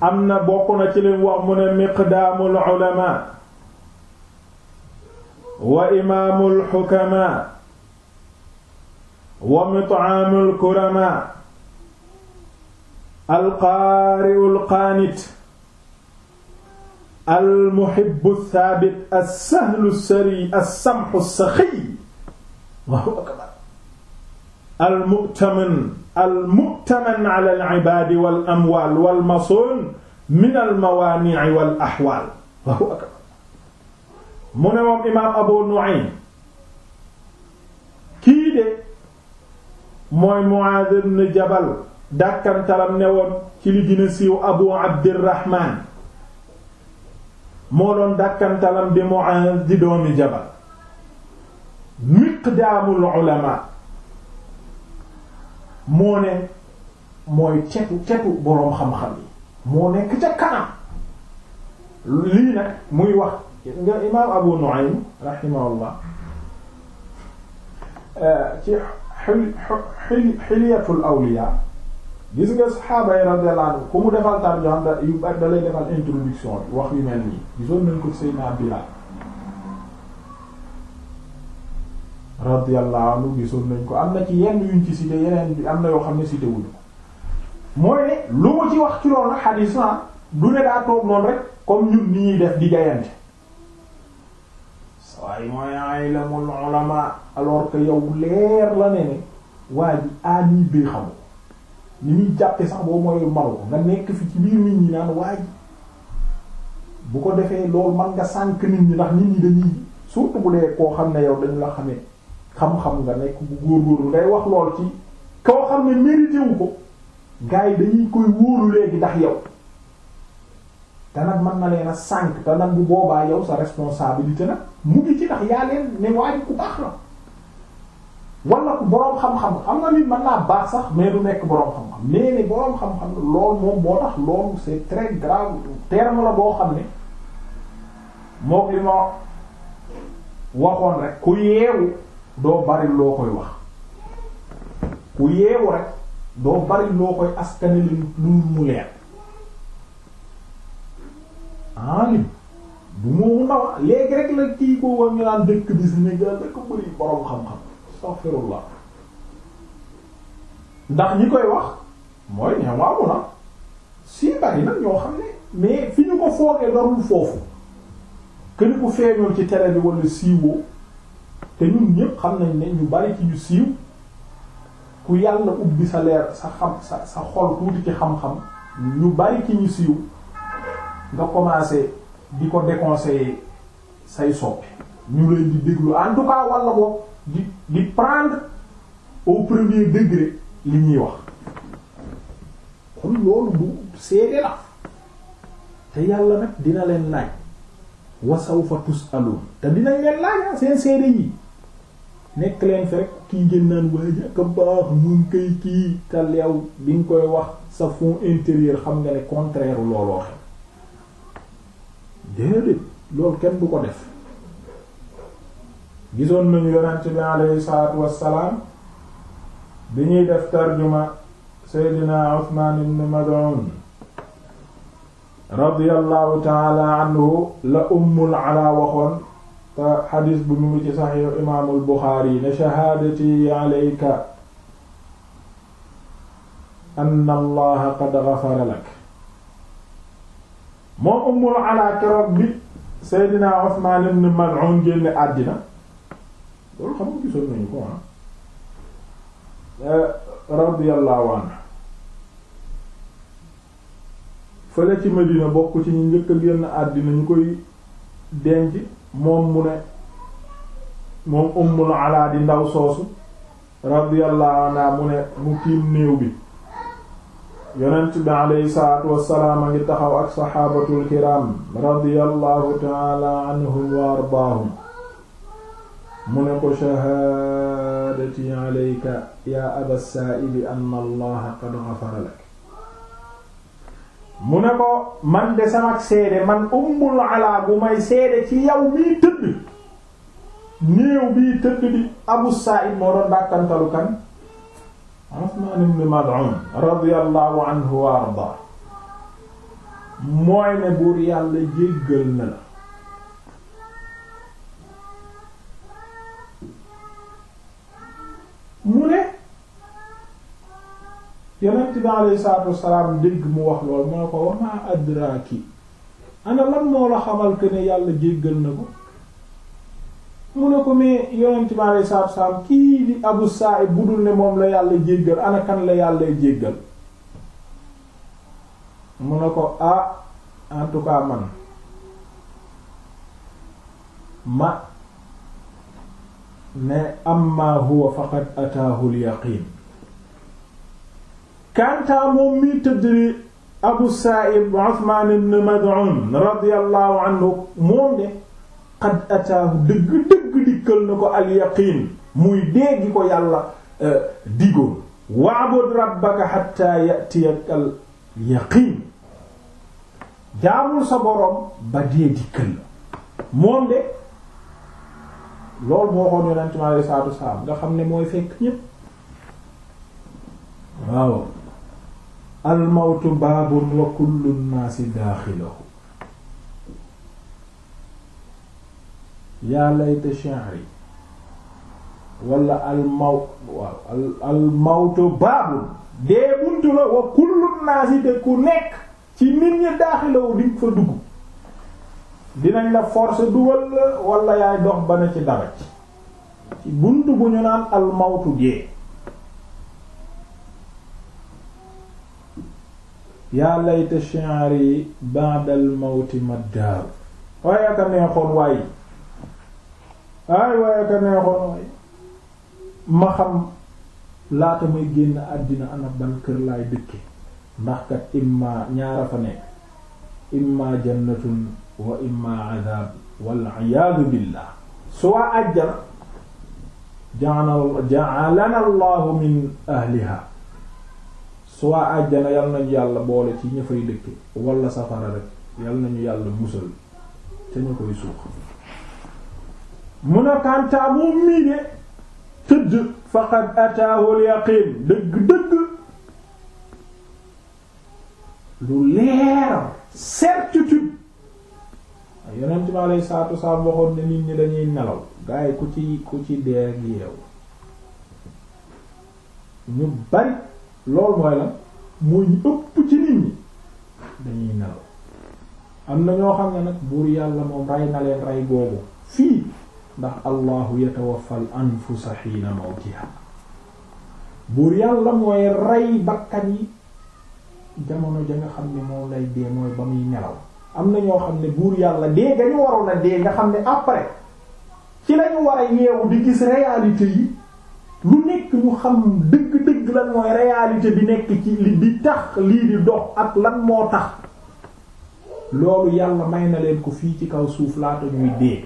am na bokk na ci lim wax mu ne miqdaamul ulamaa wa imaamul xukamaa wa mit'aamul kuramaa alqaari'ul qaanit almuhibbu thaabit assahlu sari assamhu saxiy Allahu akbar almu'taman al mu'taman ala al ibaad wal amwaal wal masoon min al mawaanii wal ahwaal mu ne moom imaam Abu Nu'aym kii de mooy Mu'aaz ibn Jabal dàkkantaram ne woon ci li gën a siiw Abu Abdirrahmaan moo doon dàkkantaram di Mu'aaz di doomi Jabal miqdaamul ulamaa moo ne mooy tetu tetu boroom xam-xam yi moo nekk ca kanam lii nag muy wax nga imaam Abu Nu'aym rahimahullah eh, ci xiliyatul awliya gis nga saxaaba yi radiyallahu anhu ku mu defal tarjuma da yu bari da lay defal introduction wax yu mel nii gisoon nañ ko Seydina Bilaal radiyallahu anhu gisoon nañ ko am na ci yenn yuñ ci cité yeneen am na yoo xam ne cité wuñu ko mooy ne lu mu ci wax ci loolu xadiis na du ne daa toog noonu rek comme ñu ni def di jayante waaye mooy aylamul ulama alors que yow leer la ne ne waa ji aani xamu ni muy jàppe sax boo mooy maro nga nekk fi ci biir nit ñi naan waa bu ko defee loolu man nga sànk nit ñi ndax nit ñi dañuy surtout bu dee koo xam ne yow dañu la xamee xam-xam nga nekk bu góorgóorlu ngay wax lool ci koo xam ne mérité wu ko gars yi dañuy koy wóoru léegi ndax yow te nag mën na leen a sànq te nag bu boobaa yow sa responsabilité nag mu ngi ci ndax yaa leen ne waa ku baax la wala ku boroom xam-xam am na nit mën naa baax sax mais du nekk boroom xam-xam mais ne boroom xam-xam loolu moom boo tax loolu c'est très grave terme la boo xam ne moom li ma waxoon rek ku yeewu. doo bari loo koy wax ku yeewu rek doo bari loo koy askane li lu mu leer alim du moomu ndawa léegi rek la kii ko war ñu naan dëkk bi Sénégal dëkk bëri borom xam-xam astaghfirullah ndax ñi koy wax mooy ne waawu na si bari nag ñoo xam ne mais fi ñu ko foogee darul foofu këni ku ci télé bi wala siiwoo te ñun ñëpp xam nañ ne ñu bari ci ñu siiw ku yàlla ubbi sa leer sa xam sa sa xol tuuti ci xam-xam ñu bari ci ñu siiw nga commencé di ko déconseiller say soppi ñu leen di déglu en tout cas walla boog di di prendre au premier degré li ñuy wax kon loolu bu seede la te yàlla nag dina leen laaj wa sawfa tus aloon te dina leen laaj ah, seen seede yi nekk leen fi rek kii ngeen waaye jàkka baax mu ngi koy kii tal yow bi nga koy wax sa fond intérieur xam nga ne contraire looloo xam déedéet loolu kenn du ko def gisoon nañu yonent bi alayhi salaatu wassalaam bi ñuy def tarjuma Seydina Usmaan ibn Mad'un radiyallahu anhu la ummul ala waxoon te xadis bu mu ngi ci saxiix imaamul Buxaari ne shahaadati alayka anna allaha qad ghafara lak moom ummul alaa keroog bi Seydina Usmaan ibn Mal'un génne àddina loolu xam nga gisoon nañu ko ah radiyallahu anhu fële ci Medina bokk ci njëkk a génn àddina ñu koy denc moom mu ne moom ummul alaa di ndaw soosu radiyallahu anha mu ne mu tiim néew bi yonent bi alayhi salaatu wassalaam a ngi taxaw ak saxaabatul kiram radiyallahu taala anhum wa ardaahum mu ne ko shahaadati alayka yaa aba saa'ili anna allaha qad ghafara lak mu ne ko man de sama seede man ummul alaa bu may seede ci yow mii tëdd néew bii tëdd di abu sa'id moo doon dàkkantalu kan Usmaan ibn Mad'un radiyallahu anhu wa ardaa mooy ne buur yàlla jéggal na la mu ne yonent bi alayhi salaatu wassalaam dégg mu wax lool mu ne ko wama adraki ana lan moo la xamal que ne yàlla jéggal na ko mu a ko mais yonent bi alayhi salaatu wassalaam kii di Abu Sa'id bu dul ne moom la yàlla jéggal ana la yàlla jéggal mu ne ko ah en man ma ne amma huwa faqad ataahu yaqiin kanta moom mi tëddri abu sa'ib uthman ibn mad'un radiyallahu anhu moom de qad ataahu dëgg dëgg dikkal na ko al yaqiin muy déegi ko yàlla euh, digoon wa'bud rabbaka hatta ya'tiyaka al yaqiin sa boroom ba dee dikkal la moom de loolu moo xoon yonente mi alayhi salaatu wasalaam nga xam ne mooy fekk ñépp waaw almawtu baabun wa kullu nnaasi daaxiluhu yaa layta shi'ri wala almaw waaw almawtu baabun dee buntu la wa kullu nnaasi te ku nekk ci nit ñi daaxiluhu di fa dugg dinañ la forcer dugal la wala yaay dox ba ne ci dara ci buntu bu ñu naan almawtu dee yaa layta shi'ri ba'da al-mawti maddaar waaye aka neexoon waaye ay waaye aka neexoon waaye ma xam laata muy génn àddina ana ban kër laay dëkke ndax kat imma ñaara fa nekk imma jannatun wa imma adab wal iyaadu billah suwaa ajjana ja'alana allahu min ahliha su waa àjjana yal nañu yàlla boole ci ña fay dëkk wala safara rek yal nañu yàlla musal te ñu koy suux mun a kàntaa moom mii de tëdd faqad ataahu al dëgg-dëgg lu leer certitude ay yonent bi alayhi salaatu waxoon ne nit ñi dañuy nelaw gaay ku ci ku ci dee gi yeewu ñu bari loolu mooy la mooy ëpp ci nit ñi dañuy nelaw am na ñoo xam ne nag buur yàlla moom rey na leen rey boobu fii ndax allahu yatawaffal anfusa xiina mawtiha buur yàlla mooy rey bakkan yi jamono ja nga xam ne moom lay dee mooy ba muy nelaw am na ñoo xam ne buur yàlla dee dañu waroon a dee nga xam ne après ci lañu war a yeewu gis réalité yi lu nekk ñu xam dëgg-dëgg lan mooy réalité bi nekk ci li di tax lii dox ak lan moo tax loolu yàlla may na leen ko fii ci kaw suuf laata ñuy dee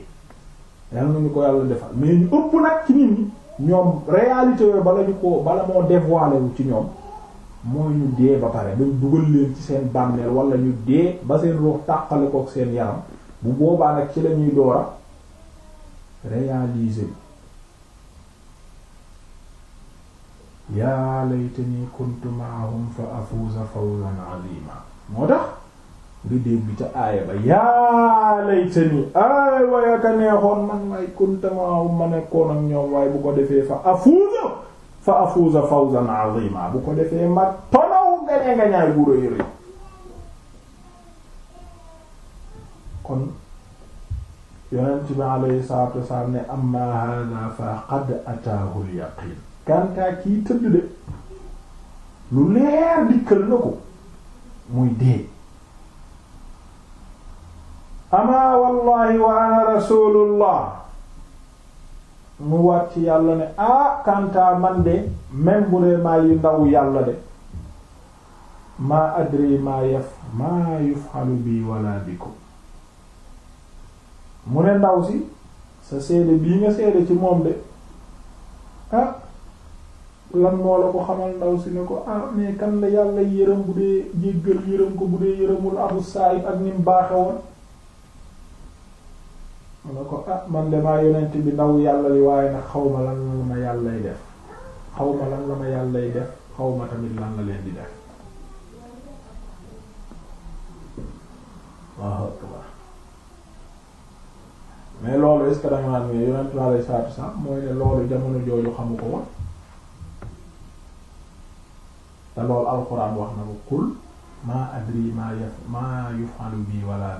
yàlla ko yàlla defal mais ñu ëpp nag ci ñoom réalité yooyu bala ñu ko bala moo dévoilé wu ci ñoom mooy ñu dee ba pare dañ dugal leen ci seen bàmmeel walla ñu dee ba seen ruux tàqale kook seen yaram bu boobaa nag ci lañuy doora réaliser yaa laytani kuntu ma'ahum fa afuuza fawzan 'azima moo tax nga dégg aaya ba yaa laytani aay waaye ka neexoon man may kuntu ma'ahum ma nekkoon ak ñoom waaye bu ko defee fa afuuza fa afuuza fawzan 'azima bu ko defee ma tonaw ganee nga ñaay bu rëy rëy kon yonent bi alayhi salaatu ne amma haaza fa qad ataahu al-yaqiin kantaa kii tëdd de lu leer dikkal na ko muy dee amaa wallahi wa ana rasulullah mu wàcc yàlla ne ah kantaa man de même bu dee maa yi ndaw yàlla de maa adri maa yaf maa yufhalu bi wala mu ne ndaw si sa seede bii nga seede ci moom de ah lan moo la ko xamal ndaw si ne ko ah mais kan la yàlla yërëm bu dee jéggal yërëm ko bu dee yërëmul abu saayib ak ni mu baaxe woon mu ne ko ah man de maa yonent bi ndaw yàlla li waaye nag xaw ma lan la ma yàllay def xaw ma lan la def xaw ma tamit lan la leen di def mais loolu est mais yonent bi alayhi salaatu wa mooy ne loolu jamono jooju xamu ko woon te loolu alquran wax na ko kul maa adri maa yaf maa yufalu bi wala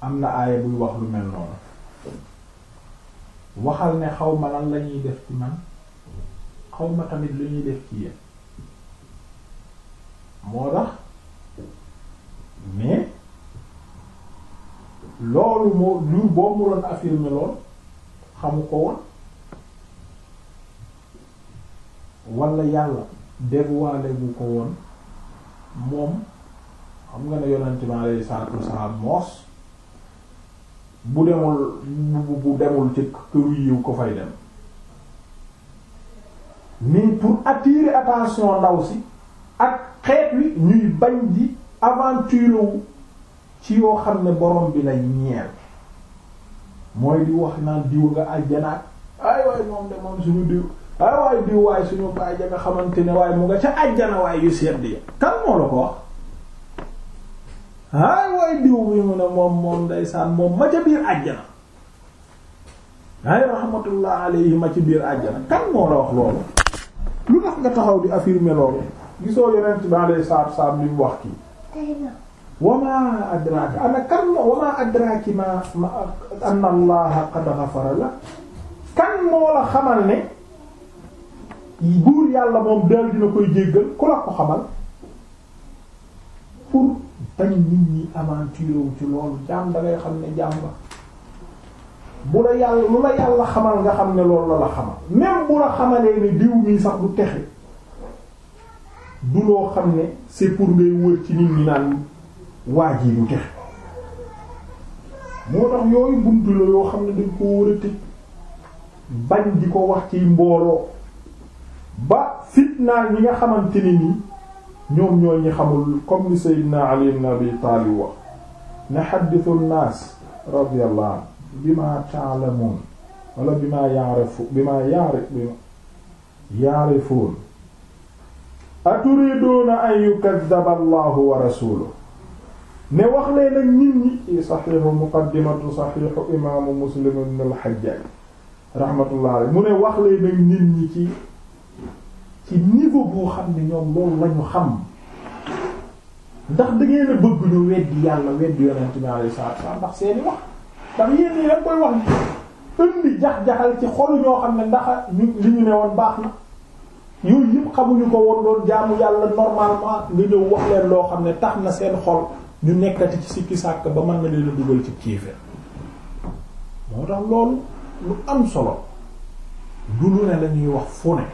am na aaya buy wax lu mel noonu waxal ne xaw ma lan la def ci man xaw ma tamit lu ñuy def ci yéen moo tax mais loolu moo lu boo mu doon affirmer lool xamu ko woon wala yàlla dévoilé bu ko woon moom xam nga ne yonent bi alayhi salaatu wasalaam moos bu demul bu demul ci këru yiw ko fay dem nii pour attirer attention ndaw si ak xeet wi ñuy bañ di aventure ci yoo xam ne borom bi lay ñeel mooy di wax naan diw nga àjjanaat ay waay moom de moom suñu diw ay ah, waay diw waay suñu baay ja nga xamante ne waaye mu nga ca àjjana waay yu sedd ya kan moo la ko wax ay ah, waay diw bi mu ne moom moom ndeysaan moom ma ca biir àjjana ay rahmatullah alayhi ci biir àjjana kan moo la wax loolu lu tax nga taxaw di affirmer loolu gisoo yeneen bi alayhi salaatu salaam bi wax kii wamaa adraka ana kan wamaa adraki ma anna allaha qad ghafara la kan moo la xamal ne buur yàlla moom daal dina koy jéggal ku la ko xamal pour bañ nit ñi aventure wu ci loolu jaam da xam ne jaam ba bu la yàlla lu la yàlla xamal nga xam ne loolu la la xamal même bu la xamalee ne diw mii sax du texe du loo xam ne c'est pour ngay wër ci nit ñi naan waaj yi du texe moo tax yooyu buntu la yoo xam ne dañ ko war a tëj bañ di ko wax ci mbooloo ba fitnaal ñi nga xamante ni nii ñoom ñooy ñi xamul comme ni Seydina Ali ibn Abi Taalib wax ne xaddisu naas radiyallahu anhu bima ta'lamun wala bima ya'rifu bima ya'rifu ya'rifun aturiduuna an yukaddaba Allahu wa rasuluhu ne wax leen ak nit ñi ci saxiixu muqaddimatu saxiixu imaamu Muslim ibn al-Hajjaj rahmatullahi mu ne wax leen ak nit ñi ci ci niveau boo xam ne ñoom loolu lañu xam ndax da ngeen a bëgg ñu weddi yàlla weddi yonent bi alayhi salaatu wasallam ndax seeni wax ndax yéen ñi rek koy wax indi jax-jaxal ci xolu ñoo xam ne ndax ñu li ñu ne woon baax na yooyu yëpp xamuñu ko woon doon jaamu yàlla normalement nga ñëw wax leen loo xam ne tax na seen xol ñu nekkati ci sikki sàkk ba mën nga leen a dugal ci kiife moo tax loolu lu am solo du lu ne lañuy wax fu ne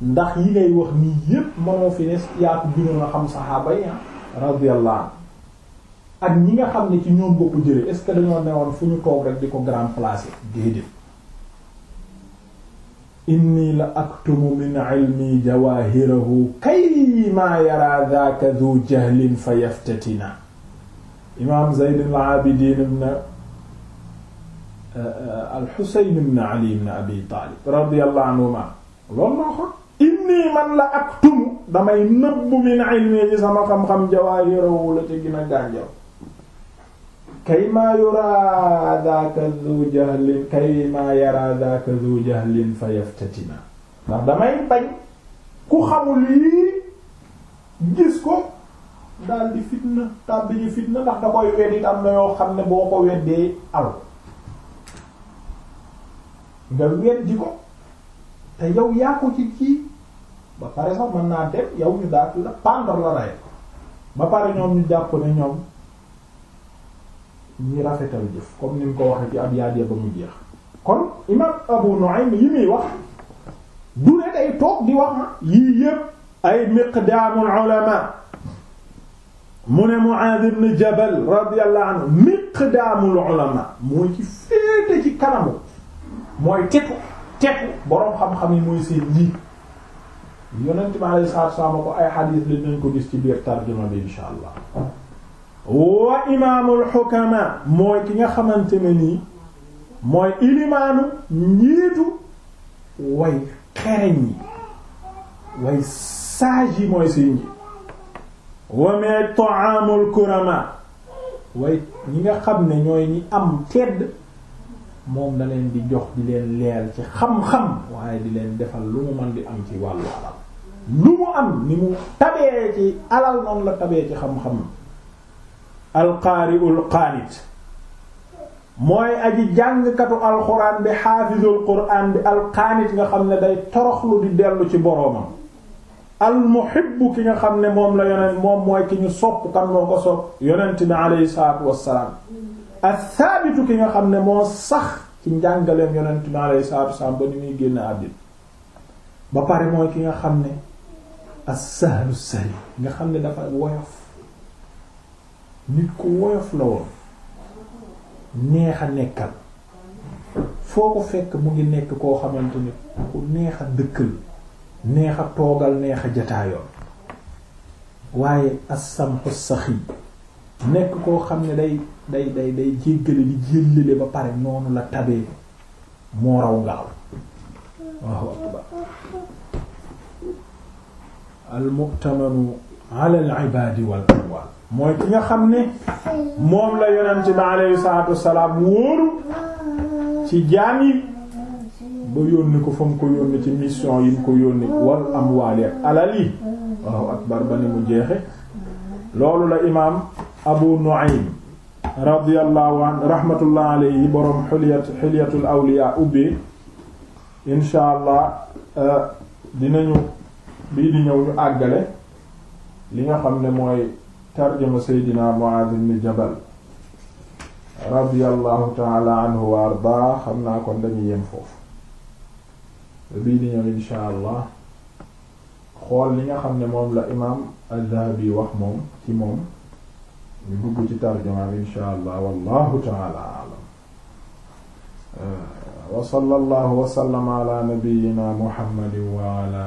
ndax yi ngay wax nii yépp mënoo fi nes yaatu gënoon a xam saxaaba yi radiyallahu ak ñi nga xam ne ci ñoom bokk jële est-ce que dañoo fu ñu ko grand placé déedéet inni la aktumu min ilmi jawahirahu kay ma yara dhaka dhu jahlin fa imam zayd al abidin uh, uh, al husayn ibn ali ibn abi talib radiyallahu anhuma loolu moo xam inni man la ak tum damay nëbbu min ilmi ci sama xam-xam jawaahiru la ci gën a gànjaw kay maa yura daaka zu kay maa yara daaka zu jahlin fa yaftatina ndax damay bañ ku xamul lii gis ko daal fitna tàbbi ñu fitna ndax da koy weddi am na yoo xam ne boo ko weddee aw nga weddi ko te yow yaa ko ci kii ba pare sax mën naa dem yow ñu daat la pendre la rey ba pare ñoom ñu jàpp ne ñoom ñi rafetal jëf comme ni mu ko waxee ci ab yaadee ba mu jeex kon imam Abu Nu'aym yi muy wax du ne day toog di wax ah, ma mu ne ibn Jabal radiyallahu anhu miqdaamul ulama mooy ci féete ci kanamu mooy tetu tetu boroom xam-xam yi mooy seen lii yonent bi alayhi salaatu salaam ko ay xadiis li nañ ko gis ci biir tarjuma bi insha allah wa imaamul xukamaa mooy ki nga xamante ne nii mooy ilimaanu njiitu way xereñ yi way saaj yi mooy seen njiit wa mee ta'aamul kuramaa way ñi nga xam ne ñooy ñi am tedd moom da leen di jox di leen leel ci xam-xam waaye di leen defal lu mu mën di am ci wàllu alal lu mu am ni mu tabee ci alal noonu la tabee ci xam-xam alqaari'ul qaanit mooy aji jàngkatu alxuraan bi xaafizul quraan bi alqaanit nga xam ne day toroxlu di dellu ci boroomam almuhibbu ki nga xam ne moom la yonent moom mooy ki ñu sopp kan moo ko sopp yonent bi aleyhi salaatu wassalaam athaabitu ki nga xam ne moo sax ci njàngaleem yonent bi aleyhi salaatu wassalaam ba ni muy génn àddina ba pare mooy ki nga xam ne as xam ne dafa woyof nit ku woyof neex a nekkal foo ko fekk mu ngi nekk koo xamante ni ku neex a neex a toogal neex a waaye as-samhu saxi koo xam ne day day day day jéggale di jéllale ba pare noonu la tabee moo raw ngaaw waaw almu'tamanu ala al-ibaadi wal amwaal mooy ki nga xam ne moom la yonent bi alayhi salaatu wassalaam wóoru ci jaam yi ba yónni ko fa mu ko yónni ci mission yi mu ko yónni wal amwaali ak alal yi waaw akbar ba ni mu jeexe loolu la imaam Abu Nu'aym radiyallahu an rahmatullah alayhi boroom xulyat xulyatul awliya ubbi insha allah euh, dinañu bii di ñëw ñu àggale li nga xam ne mooy tarjama seydina Mu'adh ibn Jabal radiyallahu taala anhu wa ardaa xam naa kon dañuy yem foofu bii di ñëw insha allah xool li nga xam ne moom la imaam az wax moom ci moom ñu dugg ci tarjamaam insha allah wallahu taala a'lam wa sallallahu wa sallama ala nabiyyina muhammadin wa ala